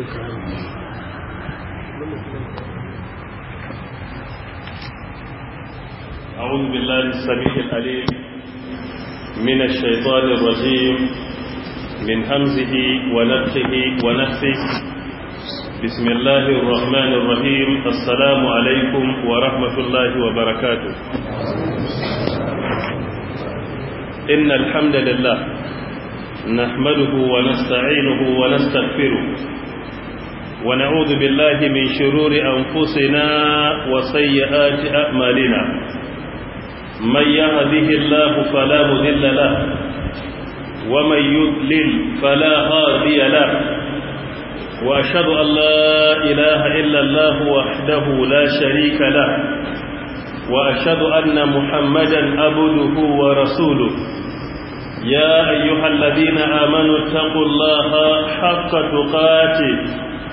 أعوذ بالله السميع العليم من الشيطان الرجيم من همزه ونفخه ونفخه بسم الله الرحمن الرحيم السلام عليكم ورحمة الله وبركاته إن الحمد لله نحمده ونستعينه ونستغفره ونعوذ بالله من شرور أنفسنا وسيئات أعمالنا من يهده الله فلا مذل له ومن يذلل فلا هادي له وأشهد أن لا إله إلا الله وحده لا شريك له وأشهد أن محمدا أبده ورسوله يا أيها الذين آمنوا اتقوا الله حق تقاته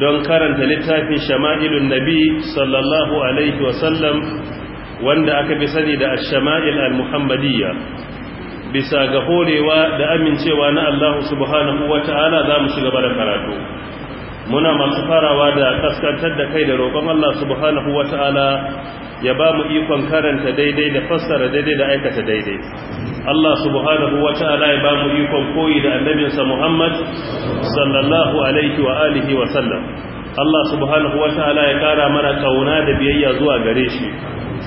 don karanta littafin shama'ilun nabi sallallahu alaihi wasallam wanda aka fi sani da shama'il al-muhammadiyya bisa ga horewa da amincewa na Allah subhanahu wa ta'ala za mu shiga da karatu muna masu farawa da kaskantar da kai da roƙon Allah subhanahu wa ta'ala ya ba mu ikon karanta daidai da fassara daidai da aikata daidai Allah subhanahu wa ta'ala ya bamu ikon koyi da annabinsa Muhammad sallallahu alaihi wa alihi wa sallam Allah subhanahu wa ta'ala ya kara mana kauna da biyayya zuwa gare shi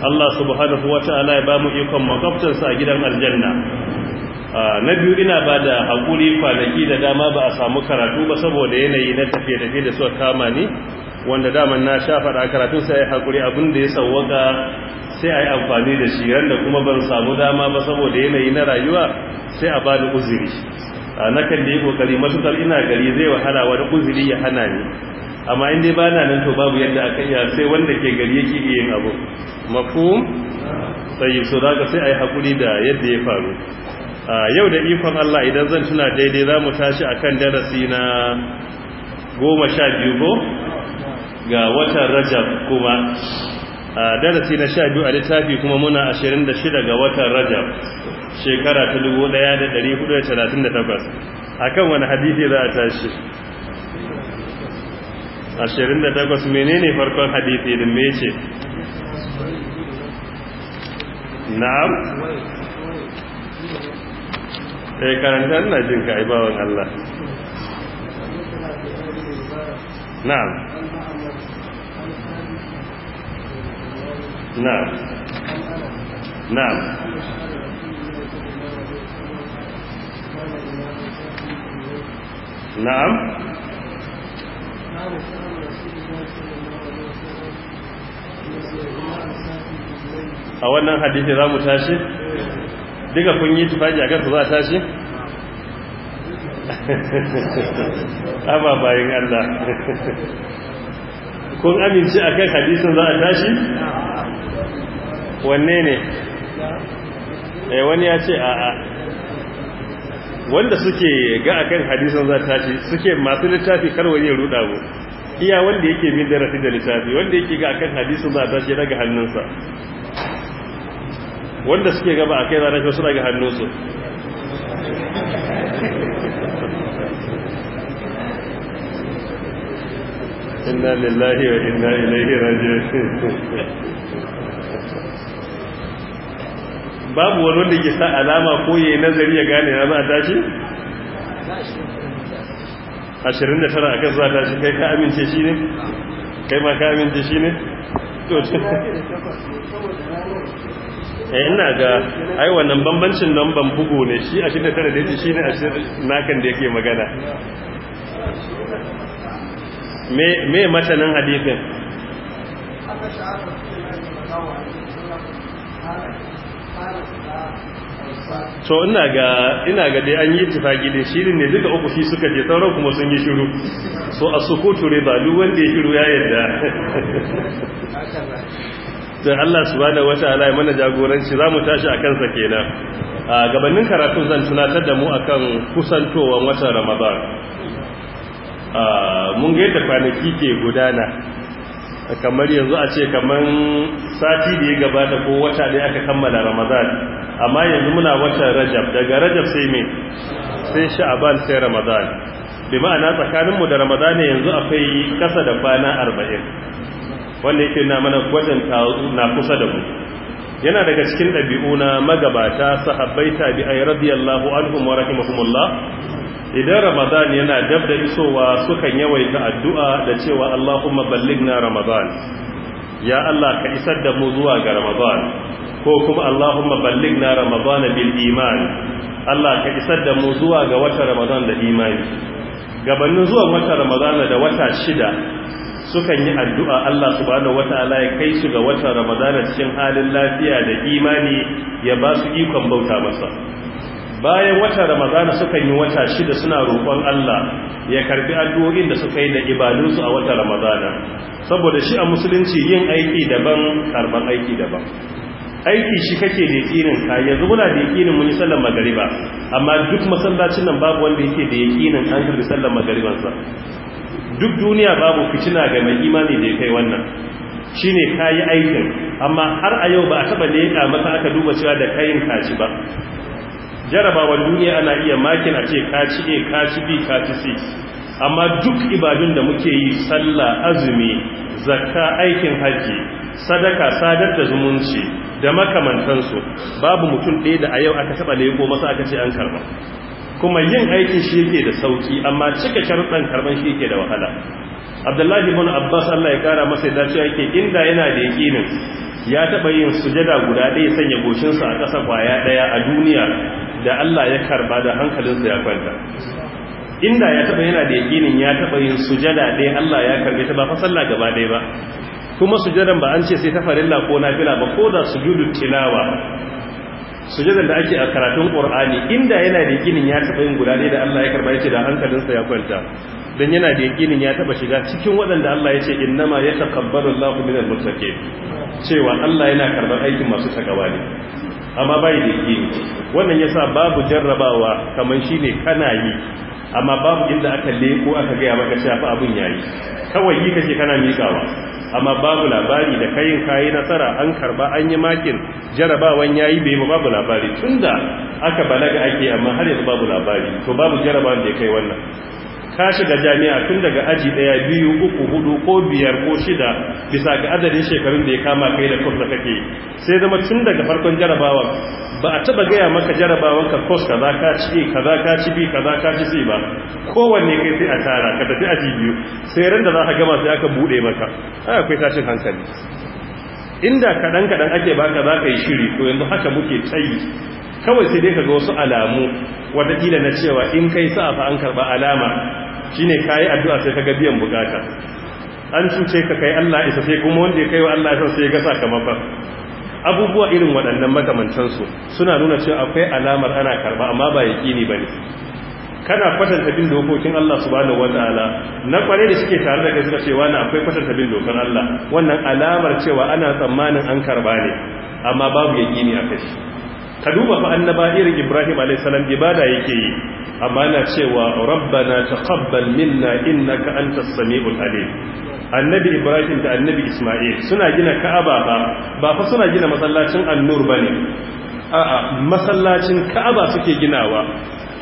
Allah subhanahu wa ta'ala ya bamu ikon makwabtansa a gidan aljanna na biyu ina bada da haƙuri kwanaki da dama ba a samu karatu ba saboda yanayi na tafiye-tafiye da suka kama ni wanda daman na sha faɗa karatun sai hakuri abin da ya sauwaka sai a yi amfani da shi randa kuma ban samu dama ba saboda yanayi na rayuwa sai a ba da uzuri na kan da yi kokari matukar ina gari zai wahala wani uzuri ya hana ni amma in dai bana nan to babu yadda aka iya sai wanda ke gari yake iya yin abu mafu sai su daga sai ayi haƙuri da yadda ya faru yau da ikon Allah idan zan tuna daidai za mu tashi a kan darasi na goma sha biyu ko ga watan rajab kuma a darasi na sha biyu a littafi kuma muna ashirin da shida ga watan rajab shekara ta dubu daya da dari hudu da talatin da takwas a kan wani hadithi za a tashi ashirin da takwas menene farkon hadithi din me ce na'am eh karanta ina jin ka aibawan Allah na'am na'am na'am na'am a wannan hadithi za mu tashi duka kun yi tufaji a kansu za a tashi amma bayan Allah kun amince akan hadisin za a tashi wanne ne eh wani ya ce a'a wanda suke ga akan hadisin za ta ce suke masu littafi kar wani ya ruda mu iya wanda yake min darasi da littafi wanda yake ga akan hadisin za ta ce daga hannunsa wanda suke gaba a kai ranar su daga hannunsu inna lillahi wa inna ilaihi raji'un babu wani wanda ke sa alama ko yayi nazari ya gane ya za a tashi 29 akan za a tashi kai ka amince shi ne kai ma ka amince shi ne eh ina ga ai wannan bambancin nan ban bugu ne shi 29 da yake shi ne 20 nakan da yake magana me me matanin hadisin to ina ga ina ga dai an yi tufagi din shirin ne duka uku shi suka je sauran kuma sun yi shiru so a sukutu ba duk wanda ya shiru ya yarda To Allah subhanahu wataala ya mana jagoranci zamu tashi akan sa kenan a gabanin karatu zan tunatar da mu akan kusantowan wata Ramadan a mun ga yadda kwanaki ke gudana kamar yanzu a ce kamar sati da ya gabata ko wata da aka kammala ramadan amma yanzu muna watan rajab daga rajab sai mai sai sha'aban sai ramadan bi ma'ana tsakaninmu da ramadan yanzu akwai kasa da bana arba'in wanda yake na mana gwajin na kusa da mu yana daga cikin ɗabi'u na magabata sahabbai tabi'ai radiyallahu anhum wa rahimahumullah idan ramadan yana dab da isowa sukan yawaita addu'a da cewa Allahumma ballighna ramadan ya Allah ka isar da mu zuwa ga ramadan ko kuma Allahumma ballighna ramadan bil iman Allah ka isar da mu zuwa ga wata ramadan da imani gabanin zuwa wata ramadan da wata shida sukan yi addu'a Allah subhanahu wata'ala ya kai su ga wata ramadan cikin halin lafiya da imani ya ba su ikon bauta masa bayan wata ramadana suka yi wata shida suna roƙon Allah ya karbi addu'o'in da suka yi da ibadunsu a wata ramadana saboda shi a musulunci yin aiki daban karban aiki daban aiki shi kake da yakinin ka yanzu muna da yakinin mun yi sallar magariba amma duk masallacin nan babu wanda yake da yakinin an karbi sallar magariban duk duniya babu fitina ga mai imani da ya kai wannan shine kayi aikin amma har a yau ba a taba leƙa maka aka duba cewa da kayin kaci ba jarabawan duniya ana iya makin a ce kaci a kaci b kaci c amma duk ibadun da muke yi sallah azumi zakka aikin haji sadaka sadar da zumunci da makamantansu babu mutum ɗaya da a yau aka taɓa leko masa aka ce an karɓa kuma yin aikin shi yake da sauki amma cika sharuɗan karɓan shi yake da wahala abdullahi ibn abbas allah ya kara masa ya dace yake inda yana da yakinin ya taɓa yin sujada guda ɗaya sanya goshinsa a ƙasa kwaya ɗaya a duniya da Allah ya karba da hankalinsa ya kwanta inda ya taba yana da yakinin ya taba yin sujada dai Allah ya karbe ta ba fa sallah gaba dai ba kuma sujadan ba an ce sai ta farilla ko nafila ba ko da sujudu tilawa sujadan da ake a karatun Qur'ani inda yana da yakinin ya taba yin guda dai da Allah ya karba yace da hankalinsa ya kwanta dan yana da yakinin ya taba shiga cikin wadanda Allah yace ce innama yataqabbalu Allahu minal muttaqin cewa Allah yana karɓar aikin masu takawa ne amma bai da yake wannan yasa babu jarrabawa kaman ne kana yi amma babu inda aka leko aka gaya maka shafa abun yayi kawai yi kace kana miƙawa amma babu labari da kayin kayi nasara an karba an yi makin jarabawan yayi bai ba babu labari tunda aka balaga ake amma har yanzu babu labari to babu jarrabawan da ya kai wannan ka shiga jami'a tun daga aji daya biyu uku hudu ko biyar ko shida bisa ga adadin shekarun da ya kama kai da da kake sai zama tun daga farkon jarabawa ba a taba gaya maka jarabawan ka ka za ka ci za ka ci bi za ka ci si ba kowanne kai sai a tara ka tafi aji biyu sai ran da za ka gama sai aka bude maka akwai tashin hankali inda kaɗan kaɗan ake baka za ka yi shiri ko yanzu haka muke tsayi kawai sai dai ka ga wasu alamu watakila na cewa in kai sa fa an karɓa alama Shi ne kayi addu'a sai ka biyan bukata an cuce ka kai Allah isa sai kuma wanda ya kai wa Allah isa sai ya ga sakamakon abubuwa irin waɗannan makamantansu suna nuna cewa akwai alamar ana karba amma ba ya ba ne. kana kwatanta bin dokokin Allah subhanahu ala na kware da suke tare da gaskiya cewa na akwai kwatanta bin dokar Allah wannan alamar cewa ana tsammanin an karba ne amma babu yaƙini a kashi ka duba fa annaba irin ibrahim alaihissalam ibada yake yi amma na cewa rabbana taqabbal minna innaka antas samiul alim annabi ibrahim da annabi isma'il suna gina ka'aba ba ba fa suna gina masallacin annur bane a'a masallacin ka'aba suke ginawa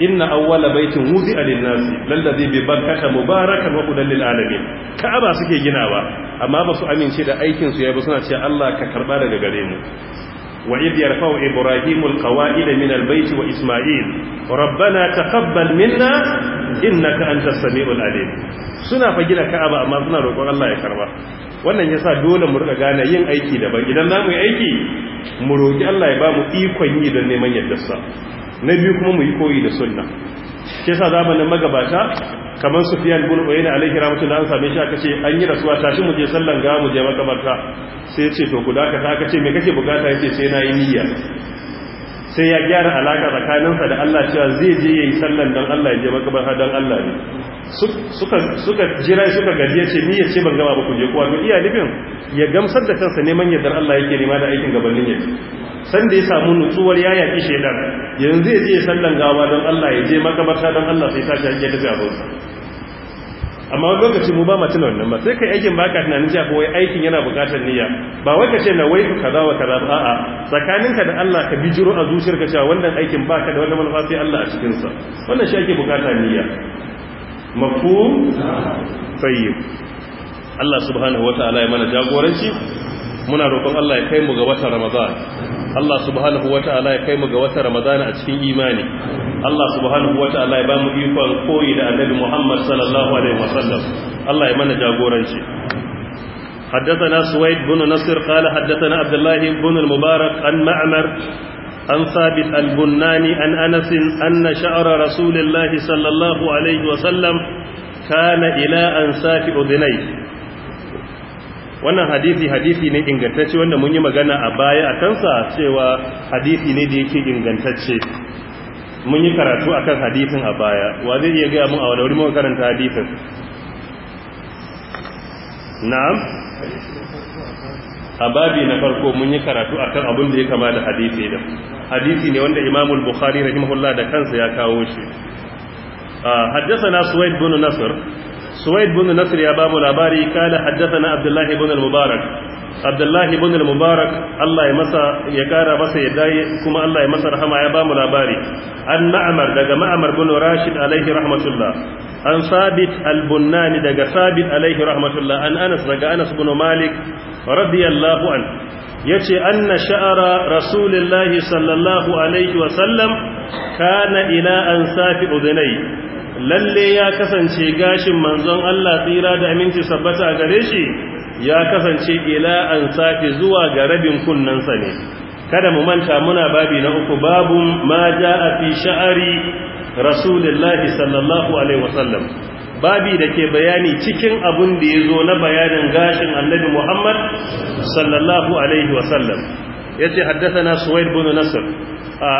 inna awwala baitin wudi'a lin-nasi lallazi bi barakata mubarakan wa hudan lil-alamin ka'aba suke ginawa amma ba su amince da aikin su yayi ba suna cewa Allah ka karba daga gare mu وإذ يرفع إبراهيم القوائد من البيت وإسماعيل ربنا تقبل منا إنك أنت السميع العليم سنة فجلة كعبة أما سنة روكو الله يكرمه wannan yasa dole mu riga gane yin aiki daban idan zamu yi aiki mu roƙi Allah ya ba mu ikon yi don neman yaddarsa na biyu kuma mu yi koyi da sunna ke sa zamanin magabata kamar Sufyan bin Uyayna alaihi rahmatullah an same shi aka ce an yi rasuwa tashi mu je sallan ga mu je sai ce to ku daka ta aka ce me kake bukata ce sai na yi niyya sai ya gyara alaka tsakaninsa da Allah cewa zai je yi sallan don Allah ya je makabarta don Allah ne suka jira suka gajiya ce niyya ce ban gama ba ku je kuwa to iya nufin ya gamsar da kansa neman yadda Allah yake nema da aikin gabanin yadda San da ya samu nutsuwar ya yaƙi shaidan yanzu ya je sallan gawa don Allah ya je makabarta don Allah sai tashi hanyar da gabansa amma wani lokaci mu ba mu tuna wannan ba sai kai aikin baka ka tunanin ko wai aikin yana bukatar niyya ba wai ka ce na wai ka wa ka ba a'a tsakaninka da Allah ka bijiro a zuciyarka cewa wannan aikin baka da wannan manufa sai Allah a cikin sa wannan shi ake bukatar niyya mafu tayyib Allah subhanahu wataala ya mana jagoranci muna roƙon Allah ya kai mu ga watan Ramadan Allah subhanahu ta'ala ya kai mu ga wata Ramadana a cikin imani Allah subhanahu ta'ala ya ba mu ikon koyi da Annabi Muhammad sallallahu alaihi wasallam Allah ya mana jagoranci حدثنا suwaid بن نصر قال na Abdullahi الله Mubarak an عن an عن ثابت البناني عن أنس أن شعر رسول الله صلى الله عليه kana ila an safi أذنيه wannan hadisi hadisi ne ingantacce wanda mun yi magana a baya a kansa cewa hadisi ne da yake ingantacce mun yi karatu akan hadisin a baya wa zai iya gaya mun a wani wuri karanta hadisin na'am a babi na farko mun yi karatu akan abin da ya kama da hadisi da hadisi ne wanda imamul bukhari rahimahullah da kansa ya kawo shi حدثنا سويد بن نصر سويد بن نصر يا باب الأباري قال حدثنا عبد الله بن المبارك عبد الله بن المبارك الله يمسى يكارى مسى يداي كما الله يمسى رحمه يا باب الأباري عن معمر دقى معمر بن راشد عليه رحمة الله عن ثابت البناني دقى ثابت عليه رحمة الله عن أنس دقى أنس بن مالك رضي الله عنه yace anna sha'ara rasulillahi sallallahu alaihi wasallam kana ila ansafi udunai lalle ya kasance gashin manzon Allah tsira da aminci sabbata a gare shi ya kasance ila an safi zuwa ga rabin kunnansa ne kada mu manta muna babi na uku babu ma jaa fi sha'ari rasulullahi sallallahu alaihi wasallam babi da ke bayani cikin abun da ya zo na bayanin gashin annabi Muhammad sallallahu alaihi wasallam yace haddathana Suwaid bin Nasr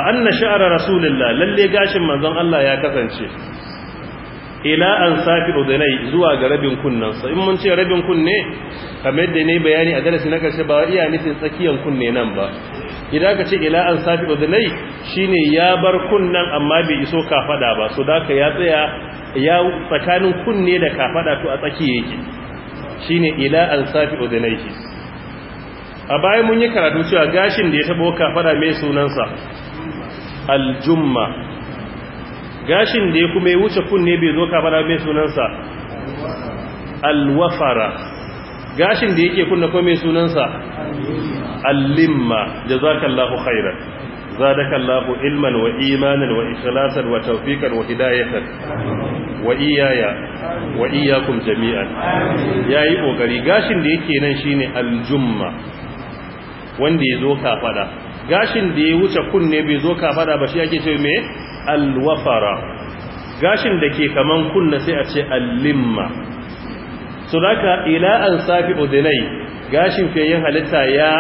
anna sha'ar rasulillah lalle gashin manzon Allah ya kasance ila an safi udunai zuwa ga rabin kunnensa in mun ce rabin kunne kamar da ne bayani a darasi na karshe ba iya nufin tsakiyar kunne nan ba idan ka ce ila an safi udunai shine ya bar kunnen amma bai iso kafada ba so daka ya tsaya ya tsakanin kunne da kafada to a tsakiye yake shine ila an safi udunai a bayan mun yi karatu cewa gashin da ya tabo kafada mai sunansa aljumma gashin da ya kuma ya wuce kunne bai zo ka fara mai sunansa alwafara gashin da yake kunna kuma mai sunansa allimma jazakallahu khairan zadakallahu ilman wa imanan wa ikhlasan wa tawfiqan wa hidayatan wa iyaya wa iyakum jami'an yayi kokari gashin da yake nan shine aljumma wanda ya zo ka fada gashin da ya wuce kunne bai zo kafada ba shi ake ce me alwafara gashin da ke kaman kunna sai a ce allimma so daga ila an safi udinai gashin fiyayyen halitta ya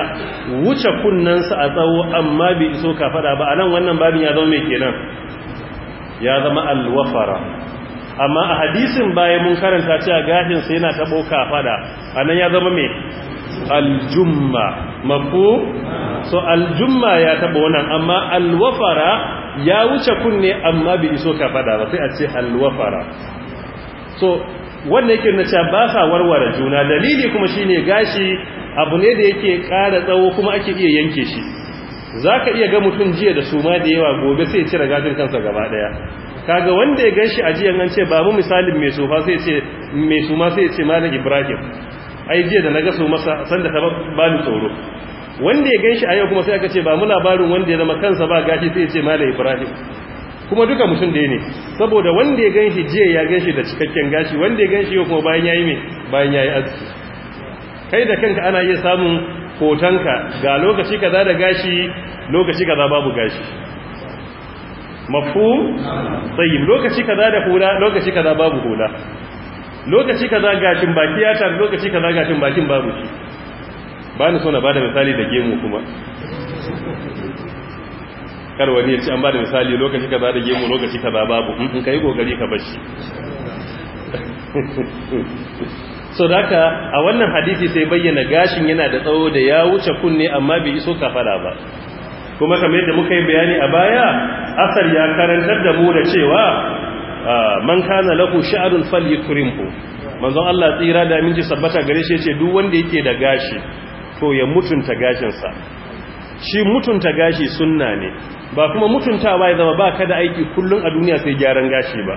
wuce kunnensa a tsawo amma bai iso kafada ba anan wannan babin ya zama mai kenan ya zama alwafara amma a hadisin baya mun karanta cewa gashin sa yana tabo kafada anan ya zama me aljumma mafu so aljumma ya taba nan. amma alwafara ya wuce kunne amma bai iso kafada ba sai a ce alwafara so wanda yake na cewa ba sa warware juna dalili kuma shine gashi abu ne da yake ƙara tsawo kuma ake iya yanke shi zaka iya ga mutum jiya da suma da yawa gobe sai ya cire gashin kansa gaba daya kaga wanda ya ganshi a jiya an ce ba mu misalin mai sofa sai ce mai suma sai ce malam ibrahim ai jiya da naga su masa sanda ta ba ni tsoro wanda ya ganshi a yau kuma sai aka ce ba mu labarin wanda ya zama kansa ba gashi sai ce malam ibrahim kuma duka mutum da ne saboda wanda ya ganshi jiya ya ganshi da cikakken gashi wanda ya ganshi yau kuma bayan yayi me bayan yayi azki kai da kanka ana iya samun hotonka ga lokaci kaza da gashi lokaci kaza babu gashi mafhum tayyib lokaci kaza da hula lokaci kaza babu hula lokaci kaza gashin baki ya tar lokaci kaza gashin bakin babu shi ba ni so na bada misali da gemu kuma kar wani ya ci an bada misali lokaci kaza da gemu lokaci kaza babu in mm, mm, kai kokari ka bar shi so daka a wannan hadisi sai bayyana gashin yana da tsawo da ya wuce kunne amma bai iso kafara ba kuma kamar yadda muka yi bayani a baya asar ya karantar da mu da cewa ah, man kana lahu sha'rul falyukrimhu manzon Allah tsira da minji sabbata gare shi yace duk wanda yake da gashi to ya mutunta gashinsa shi mutunta gashi sunna ne ba kuma mutuntawa ya zama ba ka da aiki kullum a duniya sai gyaran gashi ba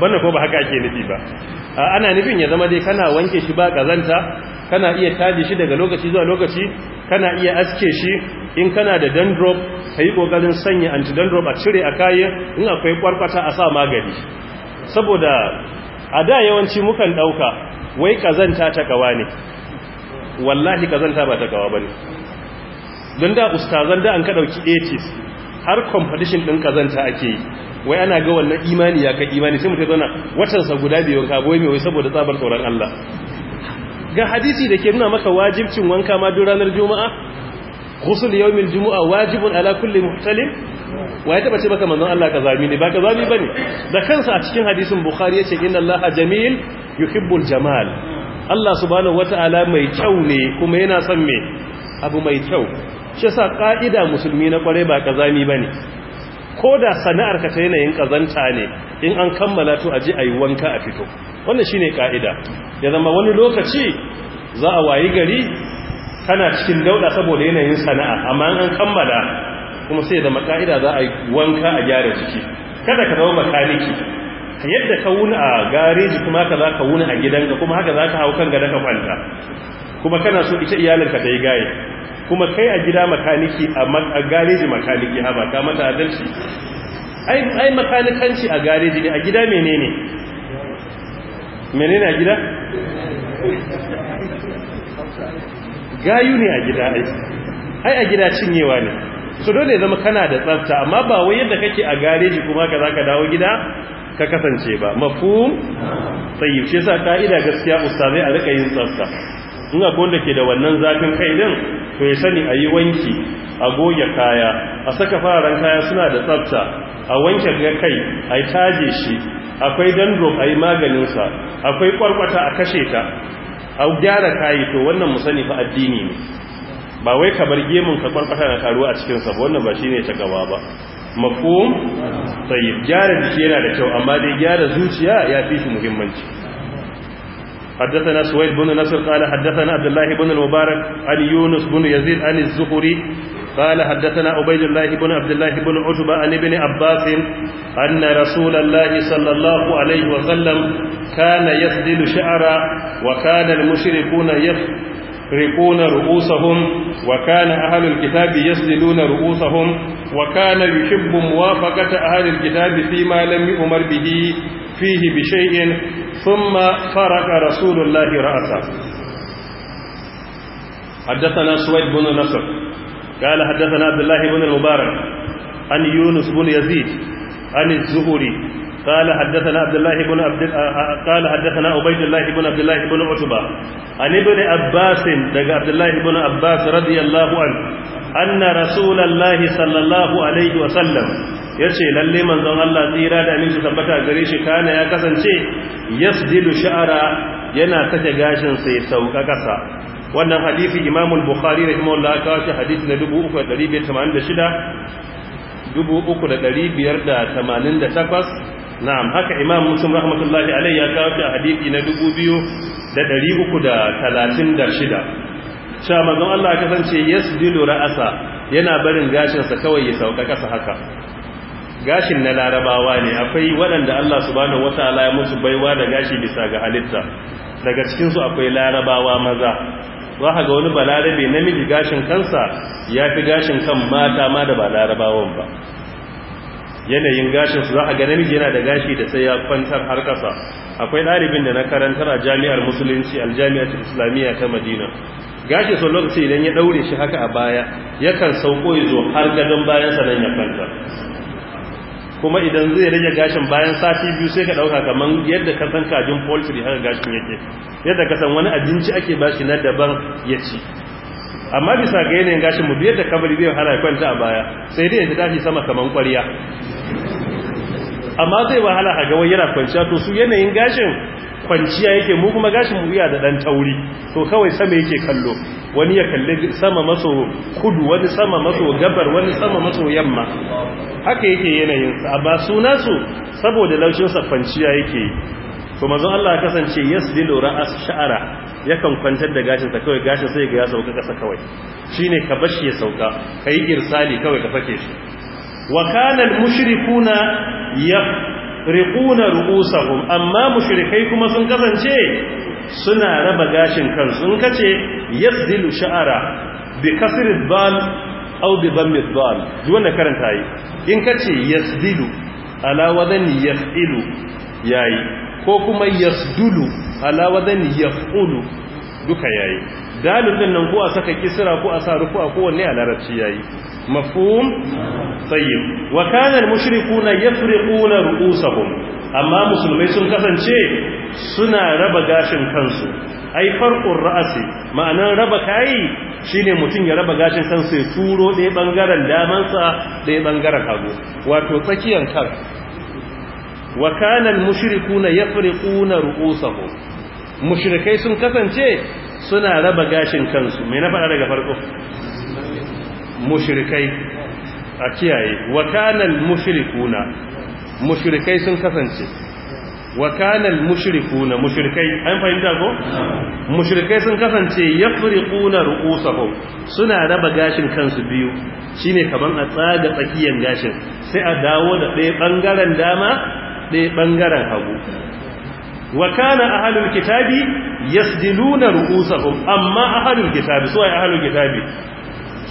banda ko ba haka ake nufi ba ana nufin ya zama dai kana wanke shi ba kazanta kana iya taji shi daga lokaci zuwa lokaci kana iya aske shi in kana da dandrop ka yi ƙoƙarin sanya antidandrop a cire a kaye in akwai kwarkwata a sa magani saboda a da yawanci mukan ɗauka wai kazanta ta kawa ne wallahi kazanta ba ta kawa bane ne don da ustazan da an ka ɗauki 80 har competition din kazanta ake yi wai ana ga wannan imani ya kai imani sai mutum zauna watan sa guda biyu ka boye mai wai saboda tsabar tsoron Allah ga hadisi da ke nuna maka wajibcin wanka ma duk ranar juma'a ghusl yawmil juma'a wajibun ala kulli muhtalim wa ya taba ce maka manzon Allah kazami ne ba kazami bane da kansa a cikin hadisin bukhari yace inna allaha jamil yuhibbul jamal Allah subhanahu wataala mai kyau ne kuma yana son me abu mai kyau shi sa ƙa'ida musulmi na ƙware ba ƙazami ba ne ko da sana'ar ka ta yanayin ƙazanta ne in an kammala to a ji a yi wanka a fito wannan shi ne ƙa'ida ya zama wani lokaci za a wayi gari kana cikin dauɗa saboda yanayin sana'a amma an kammala kuma sai zama ƙa'ida za a yi wanka a gyara jiki kada ka zama makaniki yadda ka wuna a gareji kuma haka za ka wuni a gidanka kuma haka za ka hau kan gada ka kwanta kuma kana so ita iyalinka ta yi gaye kuma kai a gida makaniki a gareji makaniki ha ba ka mata adalci ai makanikanci a gareji ne a gida menene menene a gida gayu ne a gida ai ai a gida cinyewa ne so dole zama kana da tsafta amma ba wai yadda kake a gareji kuma ka zaka dawo gida ka kasance ba mafhum tayyib shi yasa ka'ida gaskiya ustazai a rika yin tsafta in a wanda ke da wannan zafin kai din to ya sani a yi wanki a goge kaya a saka fararen kaya suna da tsafta a wanke ga kai a yi taje shi akwai dandruff a yi maganinsa akwai kwarkwata a kashe ta a gyara kayi to wannan musani fa addini ne ba wai ka bar gemun ka kwarkwata na taruwa a cikin sa wannan ba shi ne ta gaba ba mafhum tayyib gyara jiki yana da kyau amma dai gyara zuciya ya fi shi muhimmanci حدثنا سويد بن نصر قال حدثنا عبد الله بن المبارك عن يونس بن يزيد عن الزهري قال حدثنا عبيد الله بن عبد الله بن عتبة عن ابن عباس أن رسول الله صلى الله عليه وسلم كان يسدل شعرا وكان المشركون يفرقون رؤوسهم وكان أهل الكتاب يسدلون رؤوسهم وكان يحب موافقة أهل الكتاب فيما لم يؤمر به fihi bi shay'in thumma faraka rasulullahi ra'asa حدثنا سويد بن نصر قال حدثنا عبد الله بن المبارك عن يونس بن يزيد عن الزهري قال حدثنا عبد الله بن عبد قال حدثنا عبيد الله بن عبد الله بن عتبة عن ابن عباس دغ عبد الله بن عباس رضي الله عنه أن رسول الله صلى الله عليه وسلم yace lalle manzon Allah tsira da aminci tabbata gare shi kana ya kasance yasdilu sha'ara yana sake gashin sa ya sauka kasa wannan hadisi Imam al-Bukhari rahimahullah ya shi hadisi na 3586 3588 na'am haka imam muslim rahmatullahi alaihi ya kawo shi a hadisi na 2336 cewa manzon Allah ya kasance yasdilu ra'asa yana barin gashin sa kawai ya sauka kasa haka gashin na larabawa ne akwai waɗanda Allah subhanahu wataala ya musu baiwa da gashi bisa ga halitta daga cikin su akwai larabawa maza za ka ga wani balarabe namiji gashin kansa ya fi gashin kan mata ma da ba larabawan ba yanayin gashin su za a ga namiji yana da gashi da sai ya kwantar har kasa akwai ɗalibin da na karantar a jami'ar musulunci aljami'atul islamiyya ta madina gashi sun lokaci idan ya ɗaure shi haka a baya yakan sauko ya zo har gadon bayan sa nan ya kwanta kuma idan zai rage gashin bayan sati biyu sai ka ɗauka kamar yadda ka san kajin poultry haka gashin yake yadda ka san wani abinci ake ba shi na daban ya ci amma bisa ga yanayin gashin mu biyar da kabari zai hana kwanta a baya sai dai ya tashi sama kamar kwariya amma zai wahala a gawai yana kwanciya to su yanayin gashin kwanciya yake mu kuma gashin mu iya da dan tauri to kawai sama yake kallo wani ya kalli sama maso kudu wani sama maso gabar wani sama maso yamma haka yake yanayin sa amma suna su saboda laushin sa kwanciya yake to manzo Allah ya kasance yasdilu ra'as sha'ara yakan kwantar da gashin sa kawai gashin sai ga ya sauka kasa kawai shine ka bashi ya sauka kai irsali kawai ka fake shi wa kana al-mushrikuna yafriquna ru'usahum amma mushrikai kuma sun kasance suna raba gashin kansu in kace yazdilu sha'ara bi kasri dhal aw bi dhammi dhal duk wanda karanta yi in kace yasdilu ala wadani yafilu yayi ko kuma yasdulu ala wadani yafulu duka yayi dalil din nan ko a saka kisra ko a sa rufu a kowanne a larabci yayi مفهوم طيب وكان المشركون يفرقون رؤوسهم اما المسلمين sun kasance suna raba gashin kansu ai farqur ra'asi, ma'ana raba kayi shine mutum ya raba gashin kansu ya turo dai bangaren daman sa dai bangaren hagu wato tsakiyar kan وكان المشركون يفرقون رؤوسهم مشركين sun kasance suna raba gashin kansu me na faɗa daga farko mushrikai a kiyaye wa kanal mushrikuna mushrikai sun kasance wa kanal mushrikuna mushrikai an fahimta ko mushrikai sun kasance yafriquna ru'usahum suna raba gashin kansu biyu shine kaman a tsaga tsakiyar gashin sai a dawo da ɗaya bangaren dama ɗaya bangaren hagu wa kana ahlul kitabi yasdiluna ru'usahum amma ahlul kitabi so ai ahlul kitabi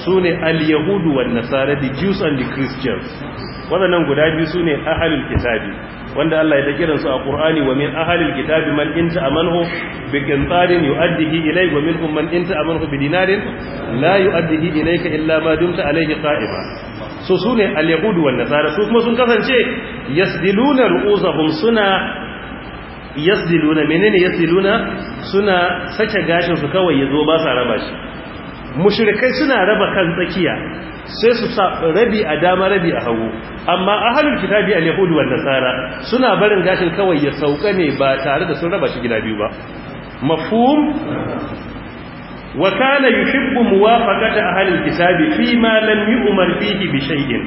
su ne al-yahudu wa nasara the jews and the christians waɗannan guda biyu su ne ahalul kitabi wanda Allah ya ta kiransu a Qur'ani wa min ahalil kitabi man inta amanhu bi qintarin yu'addihi ilayhi wa minhum man inta amanhu bi dinarin la yu'addihi ilayka illa ma dumta alayhi qa'ima so sune al-yahud wal nasara su kuma sun kasance yasdiluna ru'uzahum suna yasdiluna menene yasdiluna suna sace gashin su kawai yazo ba sa raba shi Mushirikai suna raba kan tsakiya sai su rabi a dama rabi a hagu amma a halin kitabi a Yahudu wa nasara suna barin gashin kawai ya sauka ne ba tare da sun raba shi gida biyu ba mafhum wa kana yuhibbu muwafaqata halin kitabi fi ma lam yu'mar fihi bi shay'in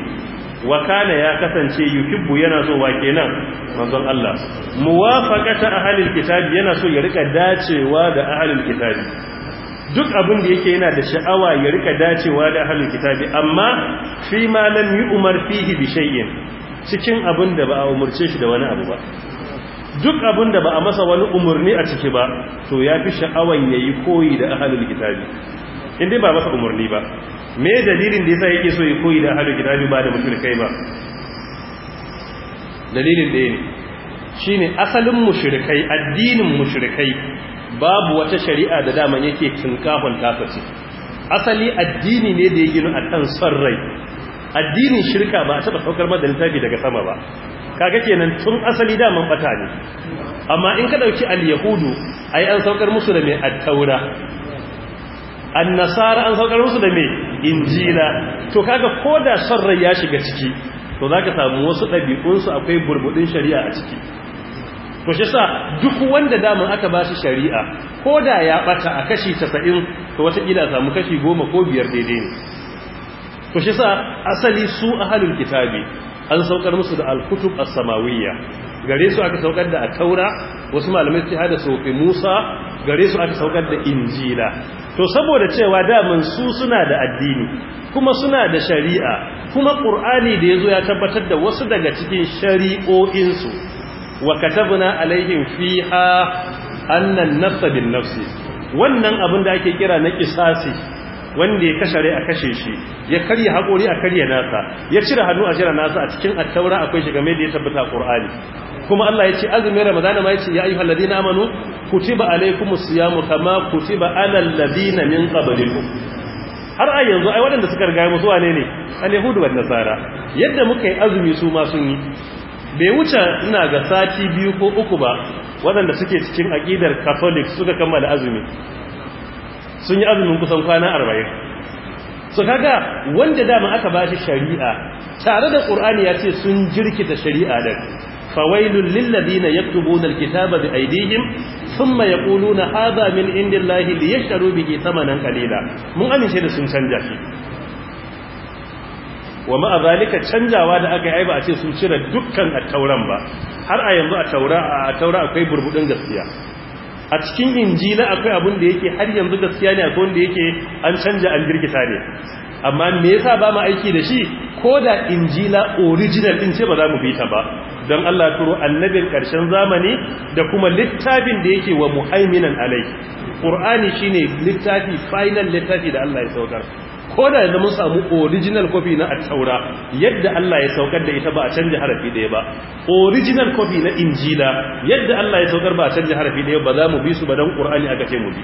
wa kana ya kasance yuhibbu yana so wa kenan manzon Allah muwafaqata halin kitabi yana so ya rika dacewa da halin kitabi duk abin da yake yana da sha'awa ya rika dacewa da halin kitabi amma fi ma lam umar fihi bi shay'in cikin abin da ba a umurce shi da wani abu ba duk abin da ba a masa wani umurni a ciki ba to ya fi sha'awan yayi koyi da halin kitabi in dai ba masa umurni ba me dalilin da yasa yake so ya koyi da halin kitabi ba da kai ba dalilin da ne shine asalin mushrikai addinin mushrikai babu wata shari'a da daman yake kinkahon tafaci asali addini ne da ya gino a kan son rai addinin shirka ba a taɓa saukar mada littafi daga sama ba kaga kenan tun asali daman bata ne amma in ka ɗauki al-yahudu ai an saukar musu da mai at-taura annasara an saukar musu da mai injila to kaga ko da son rai ya shiga ciki to zaka samu wasu ɗabi'unsu akwai burbudin shari'a a ciki to shi sa duk wanda daman aka ba shi shari'a ko da ya bata a kashi 90 to watakila samu kashi 10 ko biyar daidai ne to shi sa asali su ahlul kitabi an saukar musu da al as-samawiyya gare su aka saukar da at-taura wasu malamai su hada sofi Musa gare su aka saukar da injila to saboda cewa daman su suna da addini kuma suna da shari'a kuma qur'ani da yazo ya tabbatar da wasu daga cikin shari'o'insu wa katabna alaihim fiha annan nafsa nafsi wannan abin da ake kira na kisasi wanda ya kashare a kashe shi ya karya haƙori a karya nasa ya cire hannu a cire nasa a cikin attaura akwai shi game da ya tabbata qur'ani kuma Allah ya ce azumin ramadan ma ya ce ya ayyuhal ladina amanu kutiba alaykumus siyamu kama kutiba alal ladina min qablikum har a yanzu ai wadanda suka riga musu wane ne al-yahudu wan nasara yadda muka yi azumi su ma sun yi bai wuce ina ga sati biyu ko uku ba waɗanda suke cikin aƙidar catholic suka kammala azumi sun yi azumin kusan kwana arba'in su kaga wanda dama aka ba shi shari'a tare da ƙur'ani ya ce sun jirkita shari'a da fawailun lillazina yaktubuna alkitaba bi aydihim thumma yaquluna hadha min indillahi liyashtaru bihi thamanan qalila mun amince da sun canja shi wa ma'a canjawa da aka yi ba a ce sun cire dukkan tauran ba har a yanzu a taura akwai burbudin gaskiya a cikin injila akwai abin da yake har yanzu gaskiya ne akwai wanda yake an canja an girgita ne amma me yasa ba mu aiki da shi ko da injila original din ce ba za mu bi ta ba don Allah turo annabin karshen zamani da kuma littafin da yake wa muhaiminan alai qur'ani shine littafi final littafi da Allah ya saukar ko da yanzu mun samu original copy na at yadda Allah ya saukar da ita ba a canja harafi daya ba original copy na injila yadda Allah ya saukar ba a canja harafi daya ba za mu bi su ba dan qur'ani aka ce mu bi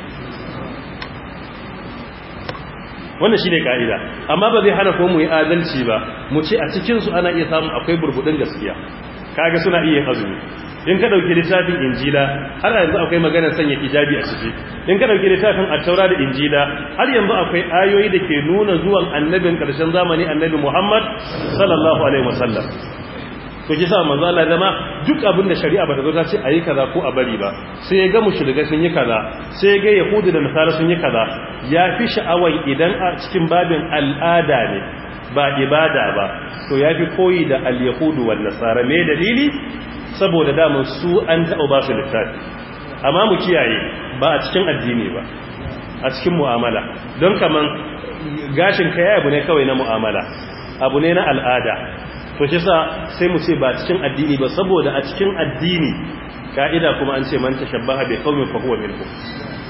wannan shine kaida amma ba zai hana ko mu yi adalci ba mu ce a cikin su ana iya samu akwai burbudin gaskiya kaga suna iya azumi in ka dauki littafin injila har yanzu akwai maganar sanya hijabi a ciki in ka dauki littafin attaura da injila har yanzu akwai ayoyi da ke nuna zuwan annabin karshen zamani annabi Muhammad sallallahu alaihi wasallam to ki sa manzo Allah zama duk abin da shari'a ba ta zo ta ce ayi kaza ko a bari ba sai ya ga mushrikai sun yi kaza sai ya ga yahudu da nasara sun yi kaza ya fi sha'awai idan a cikin babin al'ada ne ba ibada ba to ya fi koyi da al-yahudu wal nasara me dalili saboda daman su an taɓa ba su littafi amma mu kiyaye ba a cikin addini ba a cikin mu'amala don kaman gashin kai abu ne kawai na mu'amala abu ne na al'ada to shi sa sai mu ce ba cikin addini ba saboda a cikin addini ka'ida kuma an ce man tashabbaha bi qaumin fa huwa minhum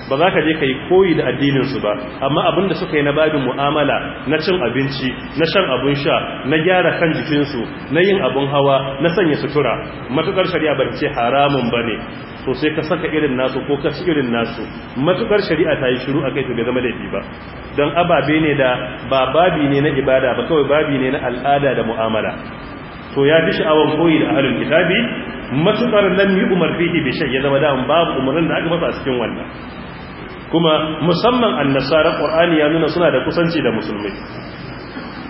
ba za ka je ka yi koyi da addininsu ba amma abinda suka yi na babin mu'amala na cin abinci na shan abun sha na gyara kan jikinsu na yin abun hawa na sanya sutura matukar shari'a ba ce haramun ba ne to sai ka saka irin nasu ko ka ci irin nasu matukar shari'a ta yi shiru a kai to bai zama laifi ba don ababe ne da ba babi ne na ibada ba kawai babi ne na al'ada da mu'amala to ya fi sha'awar koyi da ahlul kitabi matukar lam yi umar fihi bi ya zama da babu umarnin da aka masa a cikin wannan kuma musamman annasara qur'ani ya nuna suna da kusanci da musulmi musulmai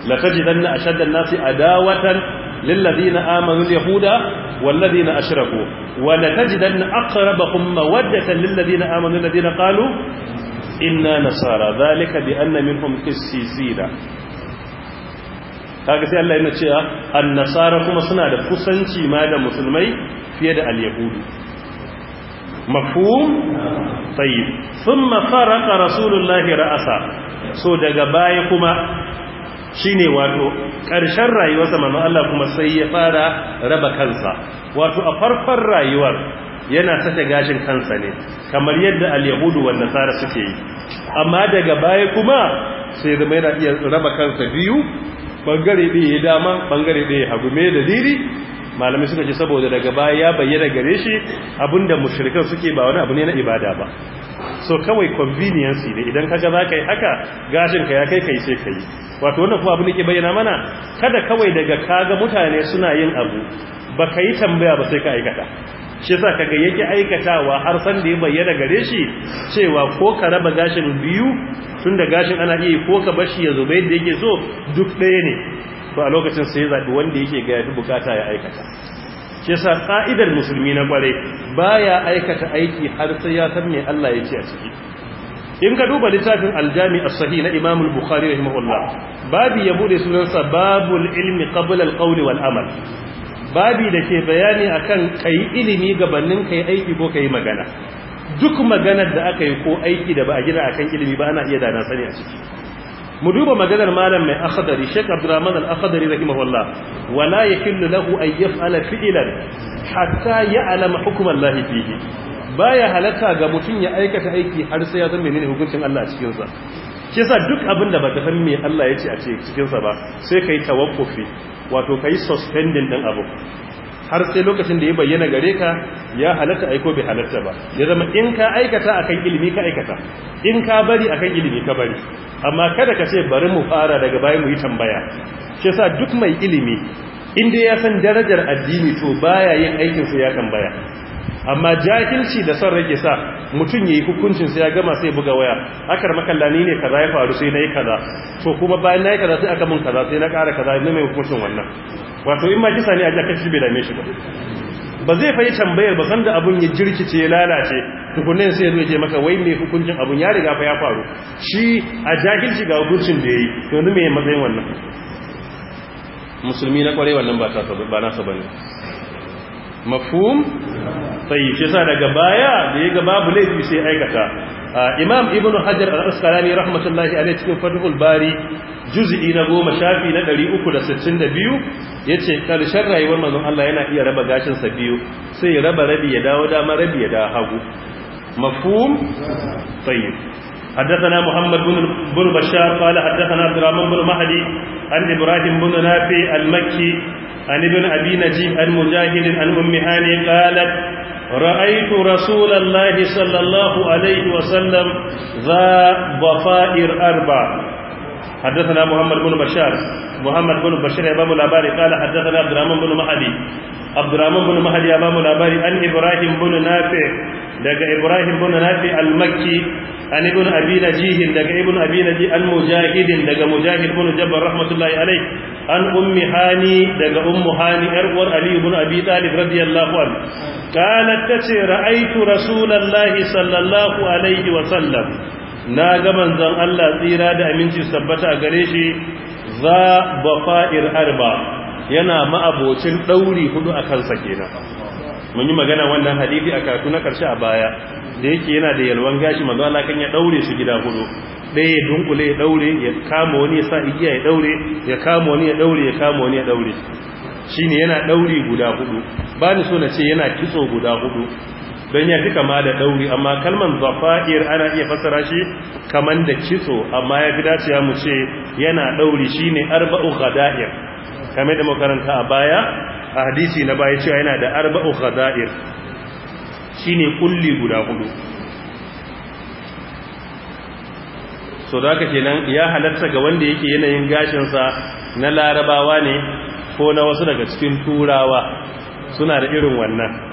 latajidanna ashadda an-nasi adawatan lilladheena amanu al-yahuda walladheena ashraku wa latajidanna aqrabahum mawaddatan lilladheena amanu na qalu ina nasara dhalika bi anna minhum qissisina kaga sai Allah yana cewa annasara kuma suna da kusanci ma da musulmai fiye da al mafhum tayyib thumma faraqa rasulullahi ra'asa so daga baya kuma shine wato ƙarshen rayuwarsa manzon Allah kuma sai ya fara raba kansa wato a farfar rayuwar yana sake gashin kansa ne kamar yadda al-yahudu wanda nasara suke yi amma daga baya kuma sai zama yana iya raba kansa biyu ɓangare ɗaya ya dama bangare ɗaya hagu me da diri malami suka ce saboda daga baya ya bayyana gare shi abinda mushrikan suke ba wani abu ne na ibada ba so kawai convenience ne idan kaga za ka yi haka gashin ka ya kai kai sai ka yi wato wannan kuma abu da ke bayyana mana kada kawai daga kaga mutane suna yin abu ba ka yi tambaya ba sai ka aikata shi yasa kaga yake aikatawa har san da ya bayyana gare shi cewa ko ka raba gashin biyu tunda gashin ana iya ko ka bar shi ya bai da yake so duk ɗaya ne to a lokacin sai ya zaɓi wanda yake ga yafi bukata ya aikata ke sa ƙa'idar musulmi na ƙware ya aikata aiki har sai ya san me Allah ya ce a ciki in ka duba littafin aljami Sahi sahi na Imamul Bukhari rahimu allah babu ya bude sunansa babul ilmi qabla al wal amal babi da ke bayani akan yi ilimi gabanin yi aiki ko ka yi magana duk maganar da aka yi ko aiki da ba a gina akan ilimi ba ana iya dana sani a ciki mu duba maganar malam mai akhadari Sheikh Abdurrahman al akhadari rahimahullah wala yakillu lahu an yaf'ala fi'lan hatta ya'lam hukm Allah fihi baya halarta ga mutum ya aikata aiki har sai ya san menene hukuncin Allah a cikin sa shi duk abin da baka san me Allah ya ce a cikin sa ba sai kai tawakkufi wato kai suspending din abu har sai lokacin da ya bayyana gare ka ya halatta aiko bai halatta ba ya zama in ka aikata akan ilimi ka aikata in ka bari akan ilimi ka bari amma kada ka ce bari mu fara daga baya mu yi tambaya shi yasa duk mai ilimi in dai ya san darajar addini to baya yin aikin su ya tambaya amma jahilci da son rage sa mutum ya yi hukuncin sai ya gama sai buga waya akar makallani ne kaza ya faru sai nayi kaza to kuma bayan nayi kaza sai aka mun kaza sai na kara kaza ne mai hukuncin wannan wato in ma kisa ne a jaka shi bai dame shi ba ba zai fa yi tambayar ba sanda abun ya jirkice ya lalace tukunan sai ya zo ce maka wai mai hukuncin abun ya riga fa ya faru shi a jahilci ga hukuncin da yayi yanzu mai matsayin wannan musulmi na kware wannan ba ta ba ne. mafhum sai shi sa daga baya da ya ga babu laifi sai aikata imam ibn hajar al-asqalani rahmatullahi alayhi cikin fathul bari juz'i na goma shafi na 362 ce karshen rayuwar manzon Allah yana iya raba gashinsa biyu sai ya raba rabi ya dawo dama rabi ya dawo hagu mafhum tayyib حدثنا محمد بن بن بشار قال حدثنا عبد الرحمن بن مهدي عن ابراهيم بن نافع المكي عن ابن أبي نجيب عن مجاهد عن أم هاني قالت رأيت رسول الله صلى الله عليه وسلم ذا ضفائر أربع حدثنا محمد بن بشار محمد بن بشار يا باب الاباري قال حدثنا عبد الرحمن بن مهدي عبد الرحمن بن مهدي يا باب الاباري عن ابراهيم بن نافع دغ ابراهيم بن نافع المكي عن ابن ابي نجيه دغ ابن ابي نجيه المجاهد دغ مجاهد بن جبر رحمه الله عليه عن ام هاني دغ ام هاني ارور علي بن ابي طالب رضي الله عنه قالت تتي رايت رسول الله صلى الله عليه وسلم na ga manzon Allah tsira da aminci sabbata a gare shi za bafa'ir arba yana ma'abocin ɗauri hudu a kansa kenan mun yi magana wannan hadisi a karatu na karshe a baya da yake yana da yalwan gashi manzo Allah kan ya daure shi gida hudu ɗaya ya dunkule ya daure ya kama wani ya sa igiya ya daure ya kama wani ya daure ya kama wani ya daure shine yana ɗauri guda hudu ba ni so na ce yana kitso guda hudu don ya fi kama da ɗauri amma kalman zafa'ir ana iya fassara shi kaman da kitso amma ya fi dacewa mu ce yana ɗauri shi ne arba'u ghada'ir kame da makaranta a baya a hadisi na baya cewa yana da arba'u ghada'ir shi ne kulli guda hudu so da ke kenan ya halatta ga wanda yake yanayin gashinsa na larabawa ne ko na wasu daga cikin turawa suna da irin wannan